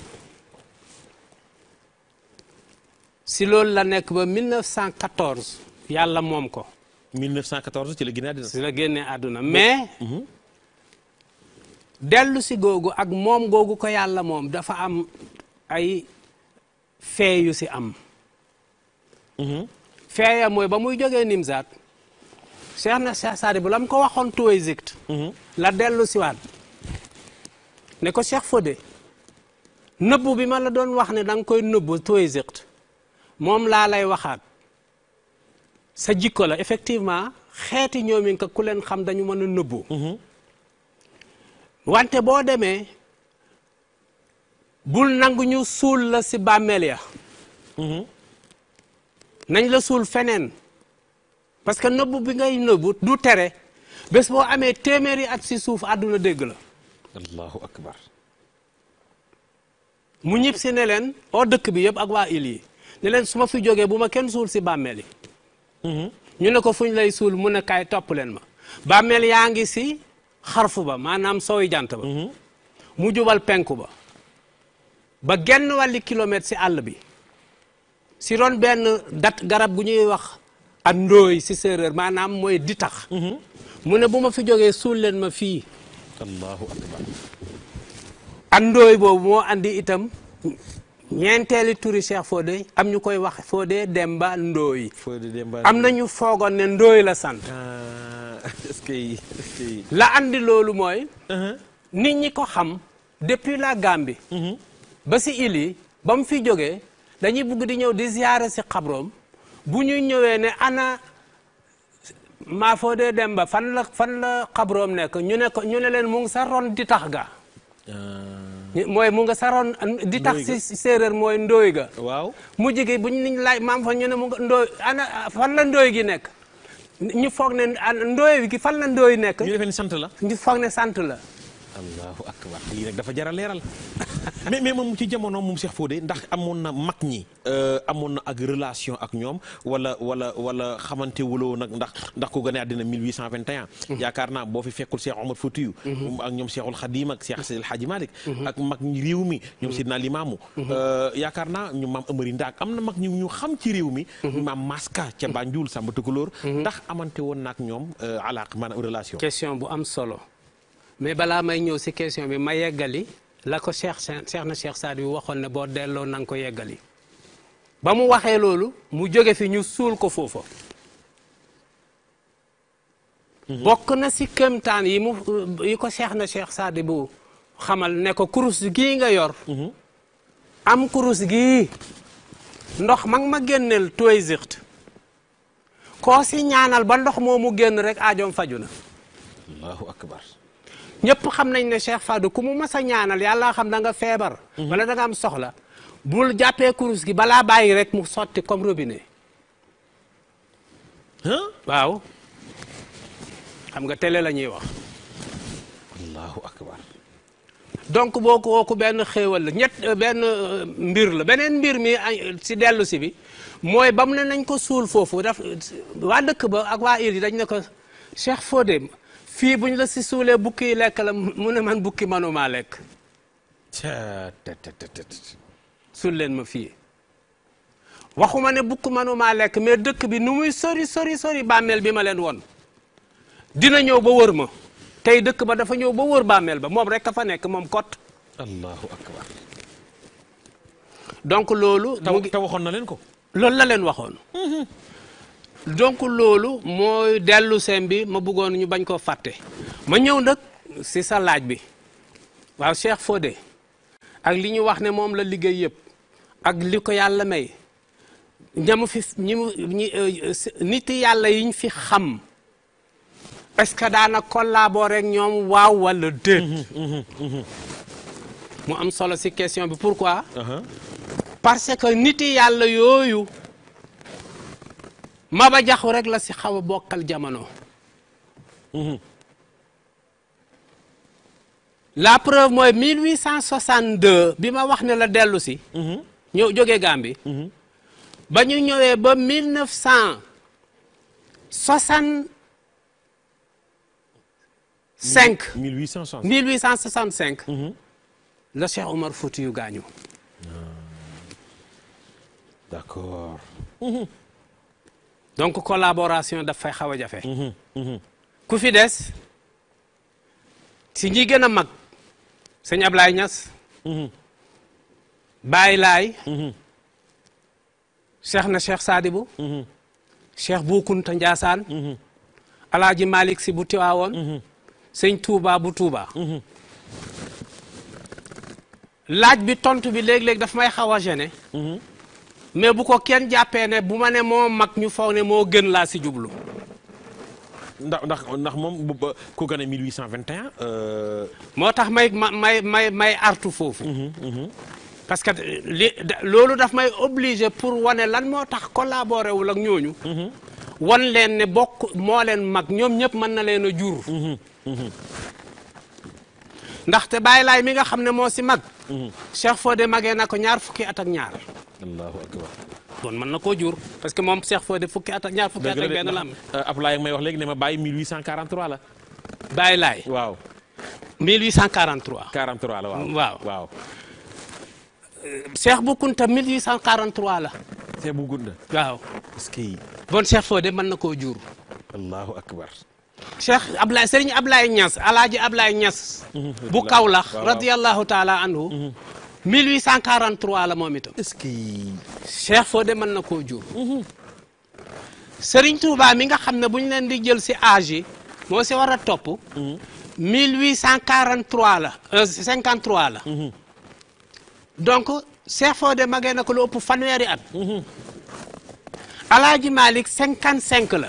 si loolu la nekk ba 1914 yàlla moom ko. 1914 ci la génne àdduna. ci la génne àdduna mais. Mhm. dellu si googu ak moom googu ko yàlla moom dafa am ay fee yu si am. Mhm. feeya mooy ba muy jógee Nimzaat. Cheikh na Cheikh Saadi bu la mu ko waxoon tout Égypte mhm. la dellu siwaat ne ko Cheikh Fodé nëbbu bi ma la doon wax ne danga koy nëbbu tout Égypte moom laa lay waxaat sa jikko la effectivement xeeti ñoomi nga ku leen xam dañu mën a nëbbu mhm. wante boo demee bul nangu ñu suul la si bàmmeel ya mhm. nañ la suul feneen parce que nëbbu bi ngay nëbbu du tere bés boo amee téeméeri at si suuf àdduna dégg la. mu ñib si ne leen oo dëkk bi yëpp ak waa il yi ne leen su ma fi jógee bu ma kenn suul si bàmmeel yi. Mm-hmm. ñu ne ko fuñ lay suul mu ne topp leen ma. bàmmeel yaa ngi si xarfu ba maanaam sooy jant ba. Mm-hmm. mu jubal penku ba. ba genn wàlli kilomètre si àll bi. si ron benn dat garab gu ñuy wax. ak ndooy si séeréer maanaam mooy di mhm. ne bu ma fi jógee suul ma fii allahu akbar ak itam ñeenteeli turi Cheikh am ñu koy wax Fodé Demba Ndooy am na ñu foogoon ne ndooy la sant ah, est-ce la andi loolu mooy uh-huh. nit ñi ko xam depuis la Gambie mhm. ba si ili ba mu fi jógee dañuy bugg di ñëw di ziyaare si xabroom bu ñuy ñëwee ne ana Mafodé Demba fan la fan la xabroom nekk ñu ne ñu ne leen mu ngi sa ron di tax ga. Ah. mooy mu nga saroon di tax si séeréer mooy ndooy ga waaw mujj gi buñ niñ laaj maam fa ñu ne mu nga ndooy ana fan la ndooy gi nekk ñu foog ne ndooy gi fan la ndooy nekk ñu defe ne sant la ñu foog ne sant la allahu akbar lii nag dafa jar a leeral mais mais moom ci jamono moom Cheikh Fodé ndax amoon na mag ñi euh, amoon na ak relation ak ñoom wala wala wala xamante wuloo nag ndax ndax ku gane àddina 1821 mhm. yaakaar naa boo fi fekkul Cheikh Omar Foutiyou mhm. ak ñoom Cheikhul Khadim ak Cheikh Seydil Hadji Malick mhm. ak mag ñi réew mi ñoom Seydina Limaamu euh, yaakaar naa ñu maam Amari Ndaak am na mag ñu ñu xam ci réew mi maam Maska ca Banjul Samba Tukulóor ndax amante woon na ak ñoom euh, alaaq maanaam relation question bu am solo mais balaa may ñëw si question bi ma yeggali la ko Cheikh Cheikh na Cheikh Saad bi waxoon ne boo delloo na ko yeggali ba mu waxee loolu mu jóge fi ñu suul ko foofu mhm. bokk na ci kéemtaan yi ko Cheikh na Cheikh saadi bu xamal ne ko kurus gii nga yor. Mhm. am kurus gii ndox mag ma génneel tooy zixt koo si ñaanal ba ndox moo mu génn rek aajoom faju na. ñëpp xam nañ ne Cheikh Fadou ku mu masa ñaanal yàlla xam da nga feebar. Mhm. wala da nga am soxla. bul jàppee kurus gi balaa bàyyi rek mu sotti comme robine waaw. xam nga tele la ñuy wax. allahu akbar. donc boo ko wooku benn xéewal la ñett euh, benn euh, mbir la beneen mbir mi si dellusi bi mooy ba mu ne nañ ko suul foofu daf waa dëkk ba ak waa il yi dañ ne ko Cheikh Fodé fii bu ñu la si suulee bukki yi lekk la mu ne man bukki manumaa lekk suul leen ma fii waxuma ne bukki manumaa lekk mais dëkk bi nu muy sori sori sori bàmmeel bi ma leen woon dina ñëw ba wër ma tey dëkk ba dafa ñëw ba wër bàmmeel ba moom rek a fa nekk moom kot allahu akbar donc loolu te waxoon na leen ko loolu la leen waxoon mhm. donc loolu mooy dellu seen bi ma bëggoon ñu bañ koo fàtte ma ñëw nag si sa laaj bi waaw Cheikh Fodé ak li ñu wax ne moom la liggéey yëpp ak li ko yàlla may ñamu fi ñi euh, nit yàlla yiñ fi xam est-ce que daana collaborer rek ñoom waaw wala déet mu am solo si question bi pourquoi uh-huh. parce que nit yàlla yooyu Maba rek la si mhm. la preuve moy 1862 Bima je wax ne la dellu si mhm. mhm. ba ñu ba 1965 1865 Le Cheikh Omar Foutiyou gañu ah. d'accord donc collaboration daf fay xaw a jafe. Mhm, mhm. ku fi des si ñi gën a mag sëñ Ablaye Niass. Mhm. Baye Laay. Cheikh na Cheikh Sadibou. Cheikh Boukounta Ndiassane. Alaaji Malick si bu Tiwaawoon. sëñ Touba bu Touba. laaj bi tontu bi léeg-léeg daf may xaw a mais bu ko kenn ne de ñu mo gën jublu. ndax ndax ndax ku 1821. euh motax may may may artu mhm, mhm. parce que li daf may obligé pour wone lan qui ont collaboré ñooñu. Mhm. len ne bok mo len mag ñom ñep man na ndaxte Baye Laay mi nga xamne mo ci mag. Mhm. Cheikh Fodé magé nako ñaar fukki at ak ñaar. allahu akbar. kon man nako jur parce que mom Cheikh Fodé fukki at ak ñaar fukki at ak benn la am. Euh, may wax léegi ne ma Baye 1843 la. Baye Laay waaw. 1843. 43 la waaw waaw Cheikh Bou 1843 la. Cheikh Bou Kounta. waaw. est que. bon Cheikh Fodé man nako jur. allahu akbar. cheikh Ablaye Serigne Ablaye Niass alaaji Ablaye Niass. bu Kaolack radiyallahu taala anhu. 1843 mhm. la moom itam. est-ce que. cheikh na koo jur. Mhm. Serigne Touba mi nga xam ne bu ñu leen di jël si âge moo ci war a topp. 1843 mhm. la 53 euh, la. donc Cheikh Fodé magee na ko lu ëpp fanweeri at. Alaaji Malick la.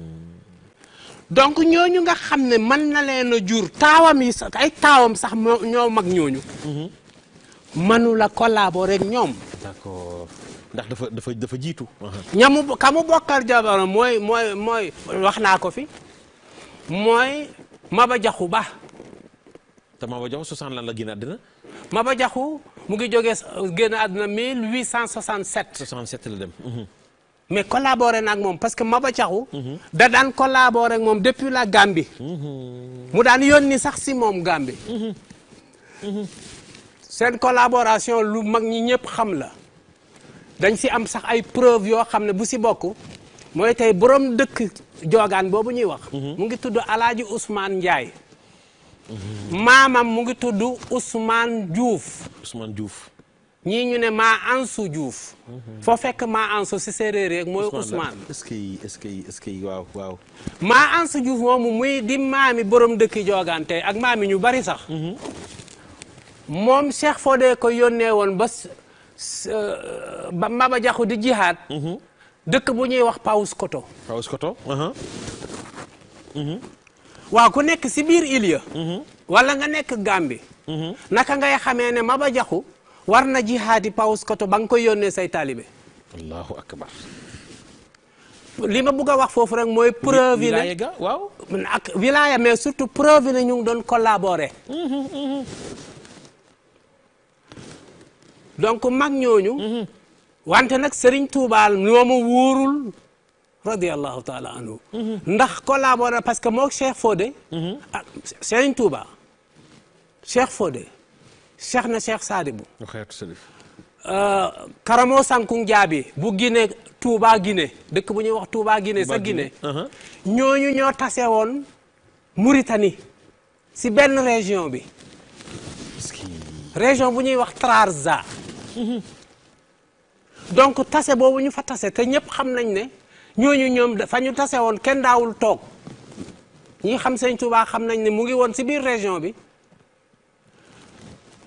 donc ñooñu nga xam ne man na leen a jur taawam yi sax ay taawam sax ñoo mag ñooñu. mënula mhm. collaborer rek ñoom. d'accord ndax dafa dafa dafa jiitu. ñamu ka mu bokkal jabaram mooy mooy wax naa ko fi mooy ba Jaxu Ba. te Maba Jaxu 60 lan la génn ma ba Jaxu mu ngi jógee génn àddina 1867. 67 la dem. Mhm. mais collaboré na ak moom parce que Maba Thiaxu da daan collaboré ak moom depuis la Gambie mu daan yónni sax si moom Gambie seen collaboration lu mag ñi ñëpp xam la dañ si am sax ay preuve yoo xam ne bu si bokk mooy tey borom dëkk joogaan boobu ñuy wax mu ngi tudd Alaaji Ousmane Ndiaye maamam mu ngi tudd Ousmane Diouf Ousmane Diouf ñii ñu ne maa ansu Diouf. Mhm. foo fekk maa ansu si séeréer rek mooy Ousmane. est-ce que est-ce maa ansu Diouf moomu muy di maami borom dëkki joogante ak maami ñu bari sax. Mhm. moom Cheikh Fodé ko yónnee woon ba euh, ba Maba Jaxu di jihaad. Mhm. dëkk bu ñuy wax Paoskoto. Paoskoto. Uh-huh. waaw ku nekk si biir Ilia. wala nga nekk Gàmbi. naka ngay xamee ne Maba Jaxu war na jihaadi paus koto ba nga koy yónnee say taalibe. li ma bëgg a wax foofu rek mooy. preuve yi ne waaw. ak wilaya mais surtout preuve ne ñu doon collaborer. donc mag ñooñu. wante nag Serigne Touba ñoom a wóorul. radiallahu taala anhu. ndax collaborer parce que moo Cheikh Fodé. Mhm. ah Serigne Touba Cheikh cheikh na cheikh Sadibou. Euh, Karamo Sankung Jaabi bu Guinée Touba Guinée dëkk bu ñuy wax tuubaa Guinée sa Guinée. Uh-huh. ñooñu ñoo tase woon Mauritanie si benn région bi. région bu ñuy wax Trarza. donc tase boobu ñu fa tase te ñëpp xam nañ ne ñoo ñu ñoom fa ñu tase woon kenn daawul toog ñi xam sëñ Touba xam nañ ne mu ngi woon si biir région bi.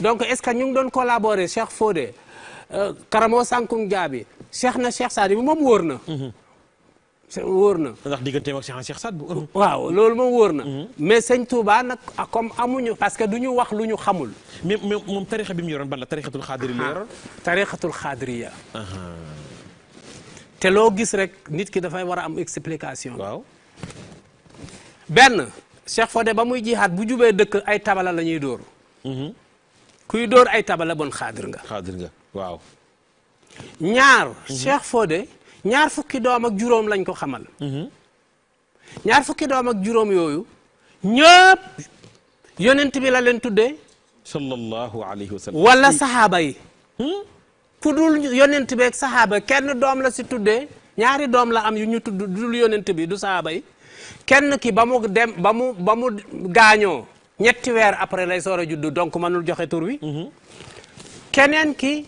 donc est ce que ñu ngi doon collaborer Cheikh Fodé euh, Karamo Sankung Jaabi Cheikh na Cheikh Saad bi moom wóor na. Mhm. wóor na. ndax digganteem ak Cheikh Saad waaw loolu moom wóor na. Mhm. mais sëñ Touba nag comme amuñu. parce que du ñu wax lu ñu xamul. mais moom tarixa bi mu yoroon ban la tarixatul xaadiri la ah, yoroon. tarixatul xaadiriya. te loo gis rek nit ki dafay war a am explication. benn Cheikh Fodé ba muy jihaat bu jubee dëkk ay tabala la ñuy dóor. Mhm. kuy door ay tabala bon xaadir nga. xaadir nga waaw. ñaar. Mhm. Cheikh Fodé ñaar fukki doomak juróom lañ ko xamal. Mhm. ñaar fukki doom ak juróom yooyu ñëpp yonent bi la leen tudde sallallahu alayhi wa sallam. wala saxaaba yi. Hmm? ku dul yonent beeg saxaaba kenn doom la si tuddee ñaari doom la am yu ñu tudd dul yonent bi du saxaaba yi kenn ki ba mu dem ba mu ba ñetti wër après lay soor a juddu donc manul joxe tour wi hmm kenen ki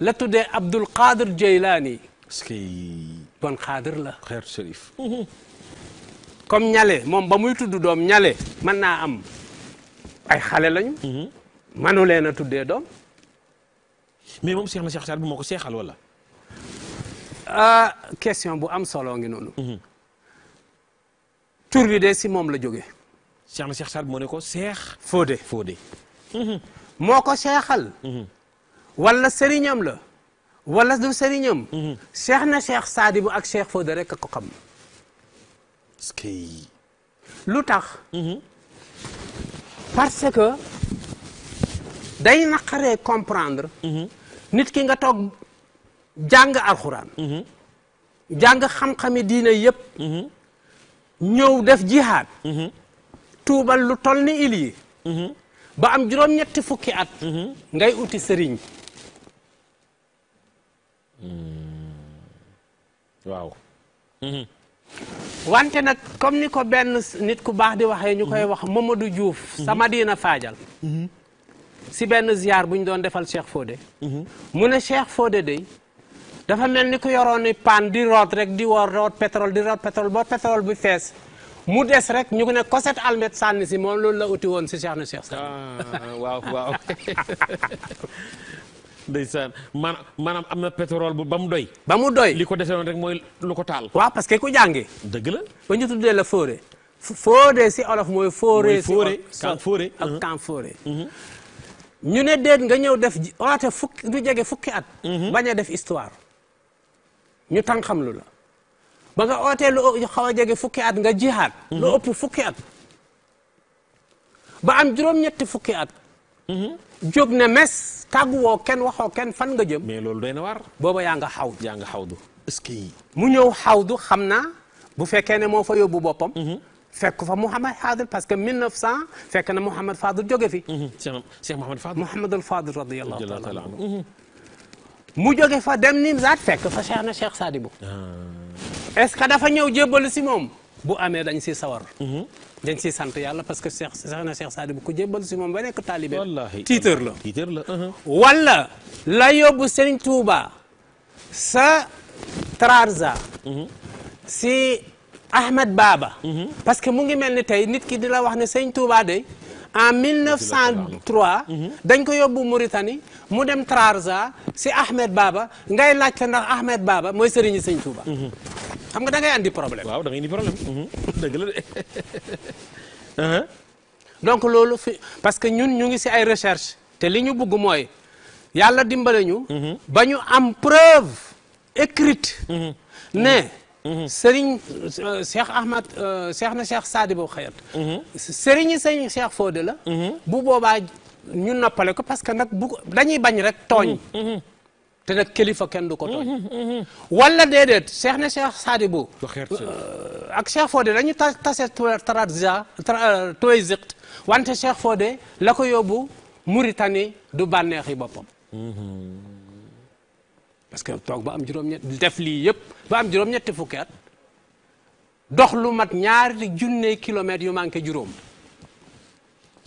la tuddee abdul qadir ski bon qadir la sharif hmm comme ñalé mom ba muy tudd doom ñale mën naa am ay xalé lañu hmm leen a tuddee doom mais mom cheikh na seex saar bi moo ko seexal wala ah, question bu am solo ngi nonu hmm tour bi dé ci mom la joggé Cheikh na Cheikh Saad moo ne ko Cheikh. Fodé Fodé. Mhm. moo ko seexal. Mhm. wala sëriñam la. wala du sëriñam. Mhm. na Cheikh Saadibu ak Cheikh Fodé rek a ko xam. est-ce que lu parce que day naqaree comprendre. nit ki nga toog jàng alxuraan. jàng xam-xami diine yëpp. ñëw def jihad. tuubal lu toll ni il yi mm-hmm. ba am juróom-ñetti fukki at mm-hmm. ngay uti sëriñ mm-hmm. waaw wante nag comme ni ko benn nit ku baax di waxee ñu koy wax Mamadou Diouf sama diina faajal si benn ziar bu ñu doon defal Cheikh Fodé mu ne Cheikh Fodé day dafa mel ni ku yoroon ni paan di root rek di woor root pétrole di root pétrole boo pétrole bi fees mu des rek ñu ne Cosette Almet sànni si moom loolu la uti woon si Cheikh na Cheikh Sall. Ah, waaw waaw. ndeysaan maanaam am na pétrole bu ba mu doy. ba mu doy li ko dese woon rek mooy lu ko taal. waaw parce que ku jàngee dëgg la ba ñu tuddee la fóore. fóore si olof mooy. fóore si kan fóore uh-huh. ak kan fóore. Mm-hmm. ñu ne déet nga ñëw def oote fukki du jege fukki at. Mm-hmm. bañ a def histoire ñu tànqamlu la. ba nga ootee lu xaw a jege fukki at nga jihaat mhm. loo ëpp fukki at ba am juróom-ñetti fukki at mhm. jóg ne mes tàgguwoo kenn waxoo kenn fan nga jëm mais loolu doy na war booba yaa nga xawdu yaa nga xawdu est-ce mu ñëw xawdu xam naa bu fekkee ne moo fa yóbbu boppam mhm. fekk fa Mouhamad Fadil parce que 1900 fekk na Mouhamad Fadil jóge fi. Cheikh Mouhamad Fadil Mouhamad al Fadil radiyallahu taala anhu mu jóge fa dem Nimzaat fekk fa Cheikh na Cheikh Sadibou. Ah. est-ce que dafa ñëw jébbalu si moom bu amee dañ siy sawar mhm. dañ siy sant yàlla parce que Cheikh Cheikh na Cheikh Saadi bu ko jébbalu si moom ba nekk taalibe tiitër la tiitër la uh-huh. wala la yóbbu Sëriñ Tuuba sa Trarza mhm. si Ahmed Baba mhm. parce que mu ngi mel ni tey nit ki di la wax ne Sëriñ Tuuba de en 1903 dañ ko yóbbu Mauritanie mu dem Trarza si Ahmed Baba ngay laajte ndax Ahmed Baba mooy sëriñu Sëriñ Tuuba xam nga da ngay di problème. waaw da ngay indi problème mhm. uh-huh. donc loolu parce que ñun ñu ngi si ay recherche te li ñu bugg mooy yàlla dimbale ñu. Mhm. ba ñu am preuve écrite. Mhm. ne. Serigne euh, Cheikh Ahmad euh, Cheikh na Cheikh Sadibou Khayat. Serigne Serigne Cheikh Fodé la. bu boobaa ñun noppale ko parce que nag bu dañuy bañ rek tooñ. te nag kilifa kenn du ko tooñ. Mm-hmm, mm-hmm. wala déedéet seex ne seex Sadibou. Euh, ak seex Fodé dañu tas tase Trarza Tra euh, Toisict wante seex Fodé la ko yóbbu Mauritanie du bànneex yi boppam. Mm-hmm. parce que toog ba am juróom-ñett def lii yëpp ba am juróom-ñetti fukki dox lu mat ñaari junne kilomètres yu manqué juróom.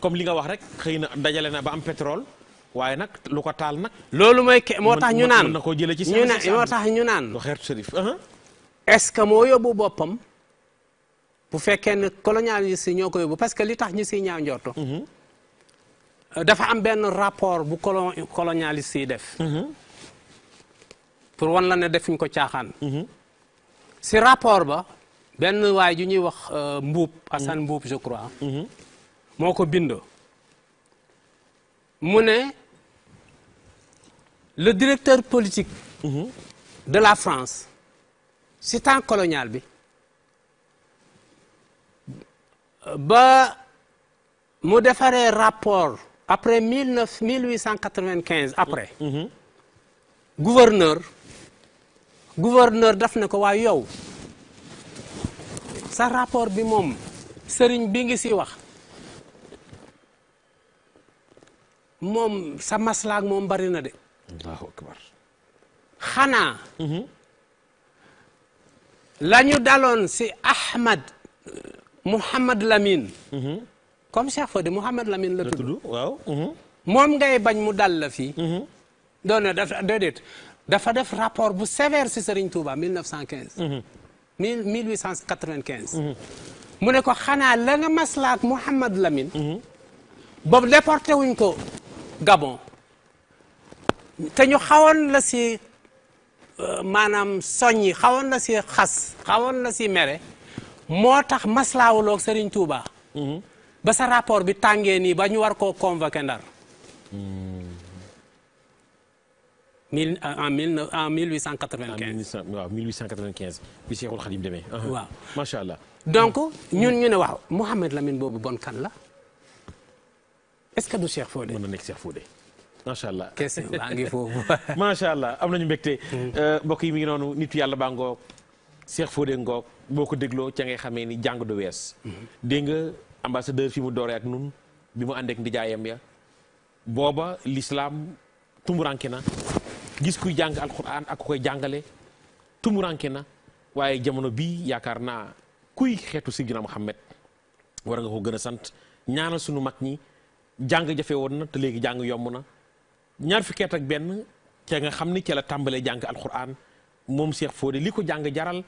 comme li nga wax rek xeyna dajale na ba am pétrole waye nak lu ko taal nag. loolu mooy ke ñu naan mën na koo jëlee ñu naan moo tax ñu naan. lu xeetu sërif. est-ce mo moo bopam bu fekkee ne colonialiste ñoko ñoo parce que li tax ñu ci ñaaw njorto. Mhm. dafa am ben rapport bu colonialiste yi def. Mhm. pour wan la ne def ñu ko caaxaan. Mhm. si rapport ba ben waay ju ñuy wax euh, mboup Assane mboup je crois. Mon cobindo, mune le directeur politique de la France c'est un colonial bi ba fait un rapport après 1895, après gouverneur gouverneur daf ne ko yow sa rapport bi mom serigne bi ngi si moom sa maslaak moom bari na de. allahu xanaa. Mhm. la ñu daloon si Ahmad euh, Mouhamad Lamine. Mhm. comme Cheikh Fodé Mouhamad Lamine la tudd. Mhm. moom ngay bañ mu dal la fii. doon na dafa déedéet def rapport bu sévère si Serigne Touba mu ne ko xanaa la nga maslaak Mouhamad Lamine. boobu déporté ko Gabon te ñu xawoon la si euh, maanaam soññi xawoon la si xas xawoon la si mere moo tax maslaawuloog Serigne Touba. Mhm. ba sa rapport bi tàngee nii ba ñu war koo convoqué ndar. Mhm. mille euh, mille en mille huit cent quatre-vingt-quinze. waaw mille huit cent quatre allah. donc ñun ñu ne waaw Mouhamed Lamine boobu bon kan la. est-ce que du Cheikh Fodé. mën na allah. kese maa ngi foofu. macha allah am nañu mbégte. Mm. Euh, mbokk yi mi ngi noonu nitu yàlla baa ngoog. Cheikh Fodé ngoog boo ko dégloo ca ngay xamee ni jàng du wees. Mm-hmm. dégg nga ambassadeur fi mu dooree ak nun bi mu ànd ndijaayam ya. booba lislaam tumuranke na gis kuy jàng alquran ak ku koy jàngale tumuranke na waaye jamono bii yaakaar naa kuy xeetu Sidina Muhammad war nga ko gën a sant ñaanal sunu mag ñi. jàng jafe woon na te léegi jàng yomb na ñaar fukki at ak benn ca nga xam ni cee la tàmbalee jàng alquran moom Cheikh Fodé li ko jàng jaral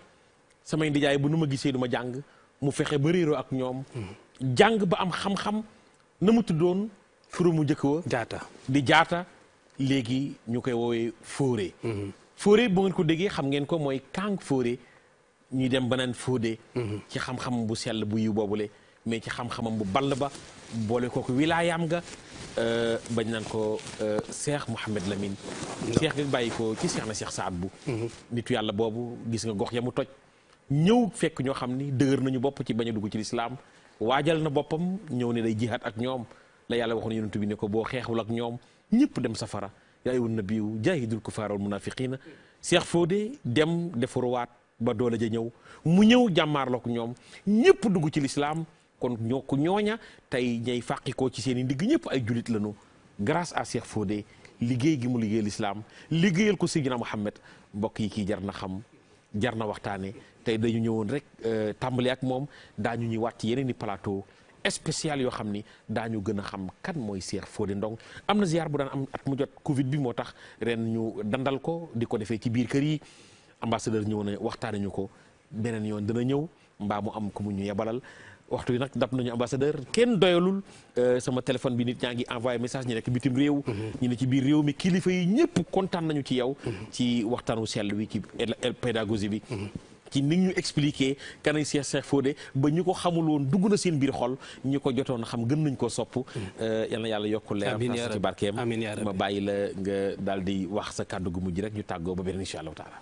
samay ndijaay bu nu ma gisee du jàng mu fexe ba réeroo ak ñoom. Mm-hmm. jàng ba am xam-xam na mu tuddoon furu mu njëkk wa jaata di jaata léegi ñu koy woowee Fodé. Mm-hmm. Fodé bu ngeen ko déggee xam ngeen ko mooy kànk Fodé ñuy dem banaan Fodé. Mm-hmm. ci xam-xam bu sell bu yiw boobule mais ci xam-xamam bu ball ba. boole kooku wilaayaam nga euh, bañ naan ko euh, Cheikh Mouhamed Lamine Cheikh nga bàyyi ko ci seex na Cheikh Saad bu mm-hmm. nit yàlla boobu gis nga gox ya mu toj ñëw fekk ñoo xam ni dëgër nañu bopp ci bañ a dugg ci lislaam waajal na boppam ñëw ne day jihaat ak ñoom la yàlla waxoon yonent bi ne ko boo xeexul ak ñoom ñëpp dem safara yaa ayyuhan nabiyyu jaahidil kuffaara wal munaafiqiina Cheikh Fodé dem defaruwaat ba doole ja ñëw mu ñëw jàmmaarlook ñoom ñëpp dugg ci lislaam kon ñoo ku ñooña tey ñay fàqikoo ci seen i ndigg ñëpp ay julit lañu grâce à Cheikh Fodé liggéey gi mu liggéey lislaam liggéeyal ko Sidina Muhammad mbokk yi kii jar na xam jar na waxtaane tey dañu ñëwoon rek euh, tàmbali ak moom daañu ñuy wàcc yeneen i plateau spécial yoo xam ni daañu gën a xam kan mooy Cheikh Fodé Ndong am na ziar bu daan am at mu jot Covid bi moo tax ren ñu dandal ko di ko defee ci biir kër yi ambassadeur ñëw na waxtaane ñu ko beneen yoon dina ñëw mbaa am ku mu ñu yebalal waxtu wi nag dab nañu ambassadeur kenn doyalul euh, sama téléphone bi nit ñaa ngi envoyé message ñi nekk bitim réew mhm. ñi ne ci biir réew mi kilifa yi ñëpp kontaan nañu ci yow mhm. ci waxtaan wu sell wi ci pédagogie bi mhm. ci ni ñu expliqué kanay Cheikh Cheikh ba ñu ko xamul woon dugg na seen biir xol ñu ko jotoon xam gën nañ ko sopp euh, yal na yàlla yokk leer ci barkeem ma bàyyi la nga daal di wax sa kàddu gu mujj rek ñu tàggoo ba beneen incha allahu taala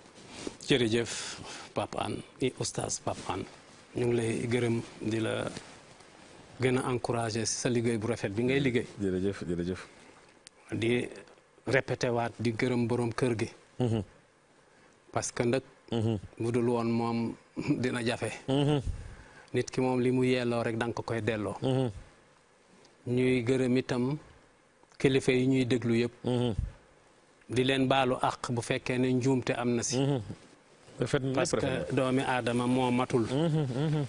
jërëjëf Pape ñu ngi lay gërëm di la gën a encouragé sa liggéey bu rafet bi ngay liggéey. jërëjëf jërëjëf. di répété waat di gërëm boroom kër gi. Mm-hmm. parce que nag. Mm-hmm. bu dul woon moom dina jafe. Mm-hmm. nit ki moom li mu yelloo rek danga ko koy delloo. ñuy gërëm itam kilifa yi ñuy déglu yëpp. di leen baalu àq bu fekkee ne njuumte am na si. parce que doomi aadama moo matul mm-hmm, mm-hmm.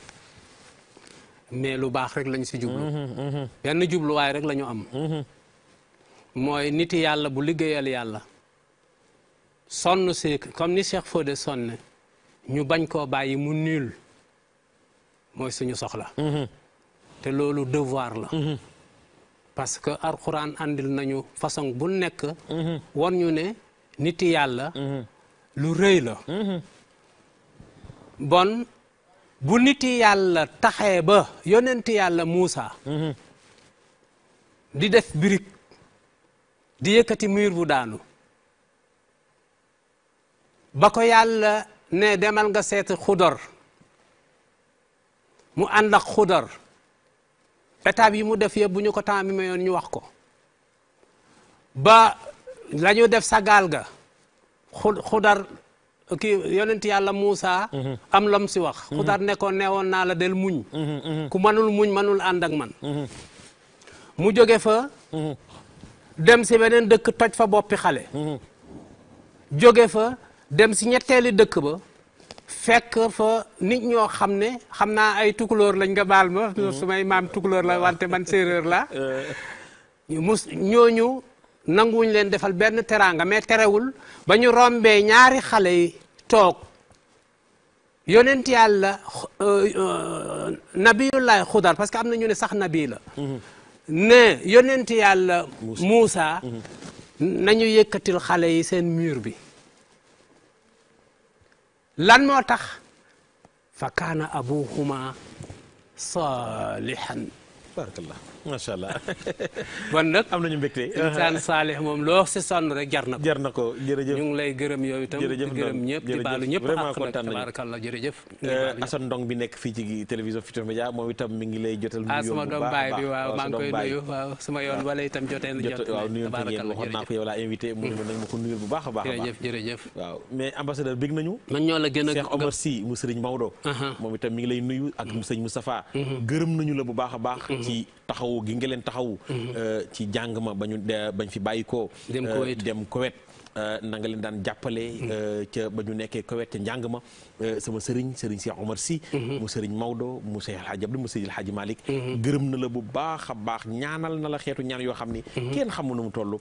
mais lu baax rek lañ si jublu mm-hmm, benn jubluwaay rek lañu ñu am mooy niti yàlla bu liggéeyal yàlla sonn si comme ni Cheikh de sonne ñu bañ koo bàyyi mu nul mooy suñu soxla te loolu devoir la parce que alxuraan àndil nañu façon bu nekk won ñu ne niti yàlla lu rëy la bon bu niti yàlla taxé ba yonent yàlla Muusa di def birig di yëkkati mur bu daanu bako yàlla ne demal nga sét xudor mu ànd ak xudor étape yi mu def yeb buñu ko tammi mayon ñu wax ko ba lañu def sagal ga khudar ki yonent yalla musa mhm. am lam si wax. Mhm. dar ne ko newon na la del muñ. Mhm, ku manul muñ manul and ak man. mu joge fa. dem si benen dekk toj fa bopi xale. joge fa dem si ñetteli dekk ba. fekk fa nit ñoo xamne ne ay tukulor lañ nga bal ma. sumay mam tukulor la wante man serreur la euh. mus ñooñu nanguñ leen defal benn teranga mais terewul ba ñu rombee ñaari xale yi toog yonent yàlla nabiyullahi xudar parce que am na ñu ne sax nabi la ne yonent yàlla Muusa nañu yëkkatil xale yi seen mur bi lan moo tax fa kaana abuhuma salihan barakallah macha allah. bon nag am nañu mbégte. insaan uh-huh. saalix moom loo si sonn rek jar na ko. jar na ko jërëjëf ñu ngi lay gërëm yow itam. jërëjëf di gërëm ñëpp di baalu ñëpp. vraiment ko yow ko nuyul bu baax a baax. mais ambassadeur bég nañu. man ñoo gën a Cheikh Omar Sy mu sëriñ Maodo. Uh-huh. moom itam mi ngi lay nuyu ak mm-hmm. sëriñ Moustapha. Mm-hmm. gërëm nañu la bu baax a baax mm-hmm. taxawu gi nga leen taxawu. Mhm. Euh, ci jàng ma ba ñu bañ fi bàyyi dem euh, Kowet dem euh, na nga leen daan jàppale. Mhm. ca ba ñu nekkee Kowet ca njàng ma. Euh, sama sëriñ sëriñ Cheikh Omar Sy mhm. mu sëriñ Maodo mu Cheikh Alhaji Abdou mu Seydi Alhaji Malick mhm. gërëm na la bu baax a baax ñaanal na la xeetu ñaan yoo xam ni mhm. kenn xamul nu mu toll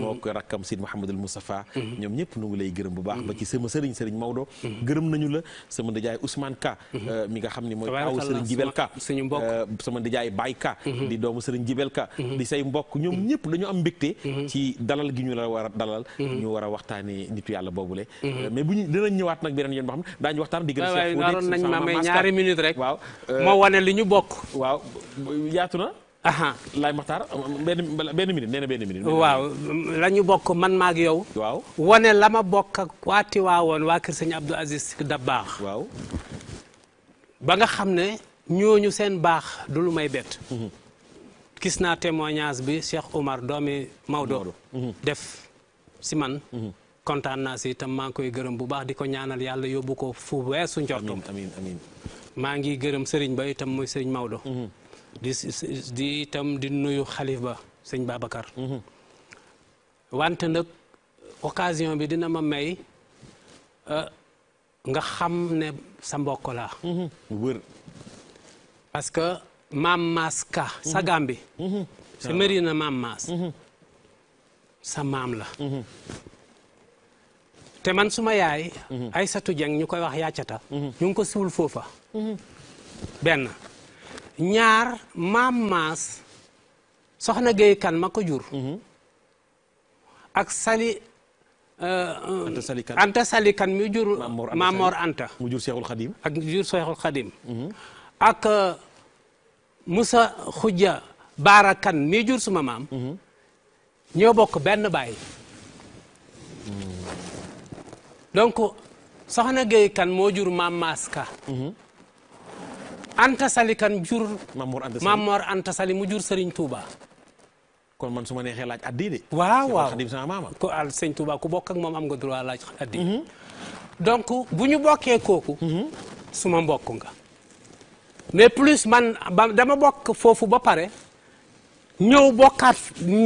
moo ko rakkam Seydi Mouhamadul Moustapha ñoom ñëpp nu ngi lay gërëm bu baax ba ci sama sëriñ sëriñ Maodo gërëm nañu la sama ndijaay Ousmane Ka euh, mi nga xam ni mooy taaw sëriñ Jibel Ka suñu mbokk euh, sama ndijaay Baye Ka di doomu sëriñ Jibel Ka di say mbokk ñoom ñëpp dañu am mbégte ci dalal gi ñu la war a dalal ñu war a waxtaane nitu yàlla boobule mais bu ñu waxtaan diggante. waaw waaw naroon nañ ma may ñaari minutes rek. waaw euh, wane li ñu bokk. waaw yaatu na. laay maxtaar benn benn minute benn minute. waaw la ñu bokk man maag yow. waaw wane la ma bokk ak waa Tiwaawoon waa Kër Sëñ Abdou Aziz Dabakh. waaw. ba nga xam ne ñooñu seen baax du lu may bett. Mhm. gis naa témoignage bi Cheikh Omar doomi Maodo. Mhm. def si man. Mhm. kontaan naa si itam maa ngi koy gërëm bu baax di ko ñaanal yàlla yóbbu ko fu weesu njortum amiin maa ngi gërëm sëriñ ba itam muy sëriñ Maodo. Mhm. di di itam di nuyu xalif ba sëñ Babacar. Mhm. wante nag occasion bi dina ma may euh, nga xam ne sa mbokk laa. Mhm. wër. parce maam maas ka sa gambi bi. sa mëri maam maas. sa maam la. te man suma yaay. Mhm. ay satu Jeng ñu koy wax yàccata. Mhm. ñu ngi ko siwul foofa. Mhm. benn ñaar maam maas soxna Géey kan ma ko jur. ak Sali. Euh, euh, Anta Sali kan Anta mi jur. Maam Mor Anta mu jur Seexul Xadim ak mu jur Seexul Xadim. ak euh, Musa Xujja Baara kan mi jur suma maam. ñoo bokk benn baay. donc soxna Gueye kan moo jur maam Maaska. Mhm. Anta Sali kan jur. maam Mor Anta Sali mu jur Serigne Touba. kon man su ma neexee laaj addi de. waaw waaw xadim al sëñ Touba ku bokk ak moom am nga droit laaj addi. Mhm. donc bu ñu bokkee kooku. Mhm. su mbokk nga. mais plus man dama bokk foofu ba pare. ñëw bokkaat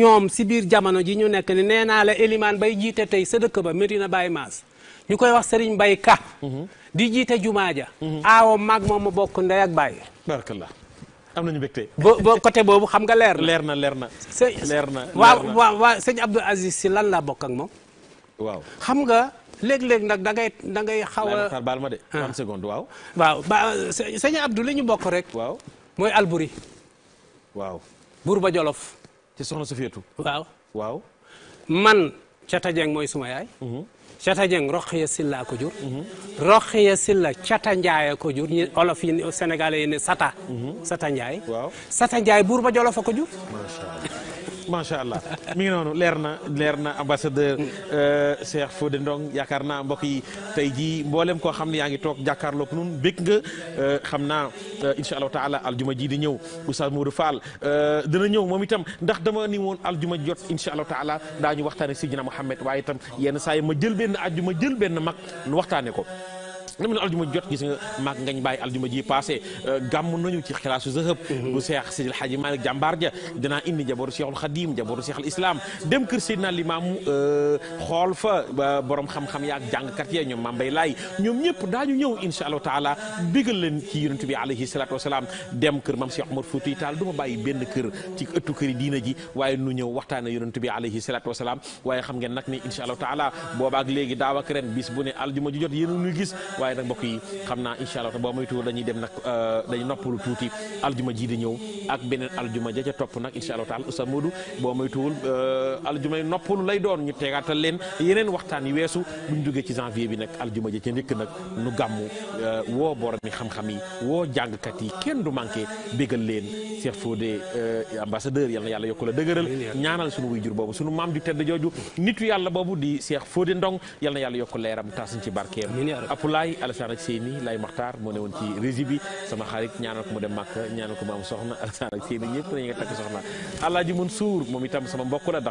ñoom si biir jamono ji ñu nekk ni nee naa la Elimaan bay jiite tey sa dëkk ba Medina Baye Maas. ñu koy wax Serigne Mbaye Ka. Mhm. di jiite jumaa ja aawo mag moom ma bokk ndey ak baay. barakallah am nañu mbégte. ba ba côté boobu xam nga leer na. leer na leer na leer na. sëñ Abdou Aziz si lan laa bokk ak moom. waaw xam nga. léeg-léeg nag dangay ngay xaw a baal ma de. une ah. seconde waaw. ba sëñ Abdou li bokk rek. waaw mooy Alburi. waaw. Jolof. ci soxna Sofiatou. waaw waaw. man ca Tajeng mooy suma yaay. Mhm. Cata Dieng Roqiya Silla ko jur. Mhm. Roqiya Silla Cata Ndiaye ko jur olof yi yi ne Sata. Mhm. Sata Ndiaye. Sata Ndiaye buur ba a ko macha allah mi ngi noonu leer na leer na ambassadeur euh, Cheikh Fodé Ndong yaakaar naa mbokk yi tey jii mboolem koo xam ne yaa ngi toog jàkkaarloog nun bëgg nga euh, xam naa euh, incha allahu taala aljuma ji di ñëw oustaz Modou Fall dana ñëw moom itam ndax dama ni woon aljuma jot incha allahu taala daañu waxtaane Sidina Muhammad waaye itam yenn saa yi ma jël benn aljuma jël benn mag nu waxtaane ko nga aljuma jot gis nga mag ngañ bàyyi aljuma ji passé euh, gàmm nañu ci xilaasu zahab bu cheikh sidil xaji malik jambar ja dina indi jabor cheikhul khadim jabor cheikhul islam dem kër seydina limaamu euh, xol fa borom xam-xam yaak jang ya, ya ñom mambay laay ñoom ñëpp taala bégal len ci yunus bi alayhi salatu wassalam dem keur mam cheikh omar fuuti tal duma bayyi ben keur ci eutu keur diina ji waye nu ñew waxtana yunus bi alayhi salatu wassalam waye xam ngeen nak ni inshallah taala boba ak legi dawa keren bis bu ne aljuma ju jot yeenu ñu gis waaye nag mbokk yi xam naa incha allah te boo euh, tuuti aljuma ji di ñëw ak beneen aljuma ja ca topp nag incha allah taala Oustaz Modou boo moytuwul euh, aljuma yi noppalu lay doon ñu teegaatal leen yeneen waxtaan yi weesu bu jógee ci janvier bi nag aljuma ja ca ndikk nag nu gàmmu euh, woo boromi xam-xam yi woo jàngkat yi kenn du manqué bégal leen Cheikh Fodé ambassadeur yal na yàlla yokk la dëgëral ñaanal sunu wuy jur boobu sunu maam ju tedd jooju nitu yàlla boobu di Cheikh Fodé Ndong yal na yàlla yokku leeram taasuñ ci barkeem apulaay Alassane ak Seyni Lay Maxtaar moo ne woon ci régie bi sama xarit ñaanal ko dem Màkka ñaanal ko am soxna Alassane ak Seyni ñëpp nañu nga takk soxna Alaaji moom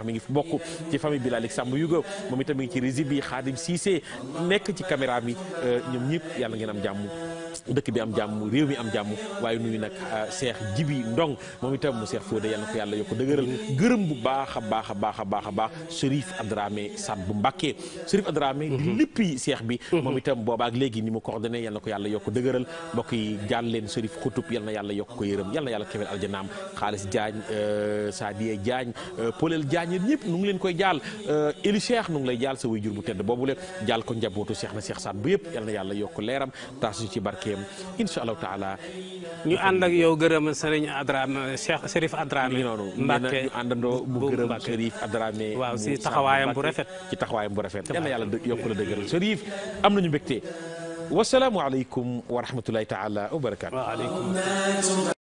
itam bi Laalik Samb Yuga moom itam mi ngi ci régie bi Xaadim Cissé nekk ci caméra bi euh, ñoom ñëpp yàlla ngeen am jàmm dëkk bi am jàmm réew euh, mu Cheikh Fodé yàlla ko yàlla yokk dëgëral gërëm bu baax a baax a baax a baax a baax Serif Adramé Sadbu Mbacké Serif Adramé di mhm. léppi bi mhm. moom itam boobaak léegi léegi ni mu coordonné yal na ko yàlla yokk dëgëral mbokk yi jàll leen Serif Xutub yal na yàlla yokk ko yërëm yal na yàlla kewel aljanaam xaalis Diagne euh, Sadie Diagne euh, Polel Diagne yéen ñëpp nu ngi leen koy jaal euh, Eli Cheikh nu lay jaal sa waajur bu tedd boobule jaal ko njabootu Cheikh na Cheikh Saad bu yëpp yal na yàlla yokk leeram taas ñu ci barkeem incha allahu taala ñu ànd ak yow gërëm sëriñ Adramé Cheikh Serif Adramé. Mbacke ñu àndandoo bu gërëm Serif Adramé. waaw si taxawaayam bu rafet. ci taxawaayam bu rafet yal na yàlla yokk la dëgëral Serif am nañu mbégte wasalaamualeykum wa rahmatulahi taala wa barakaatu.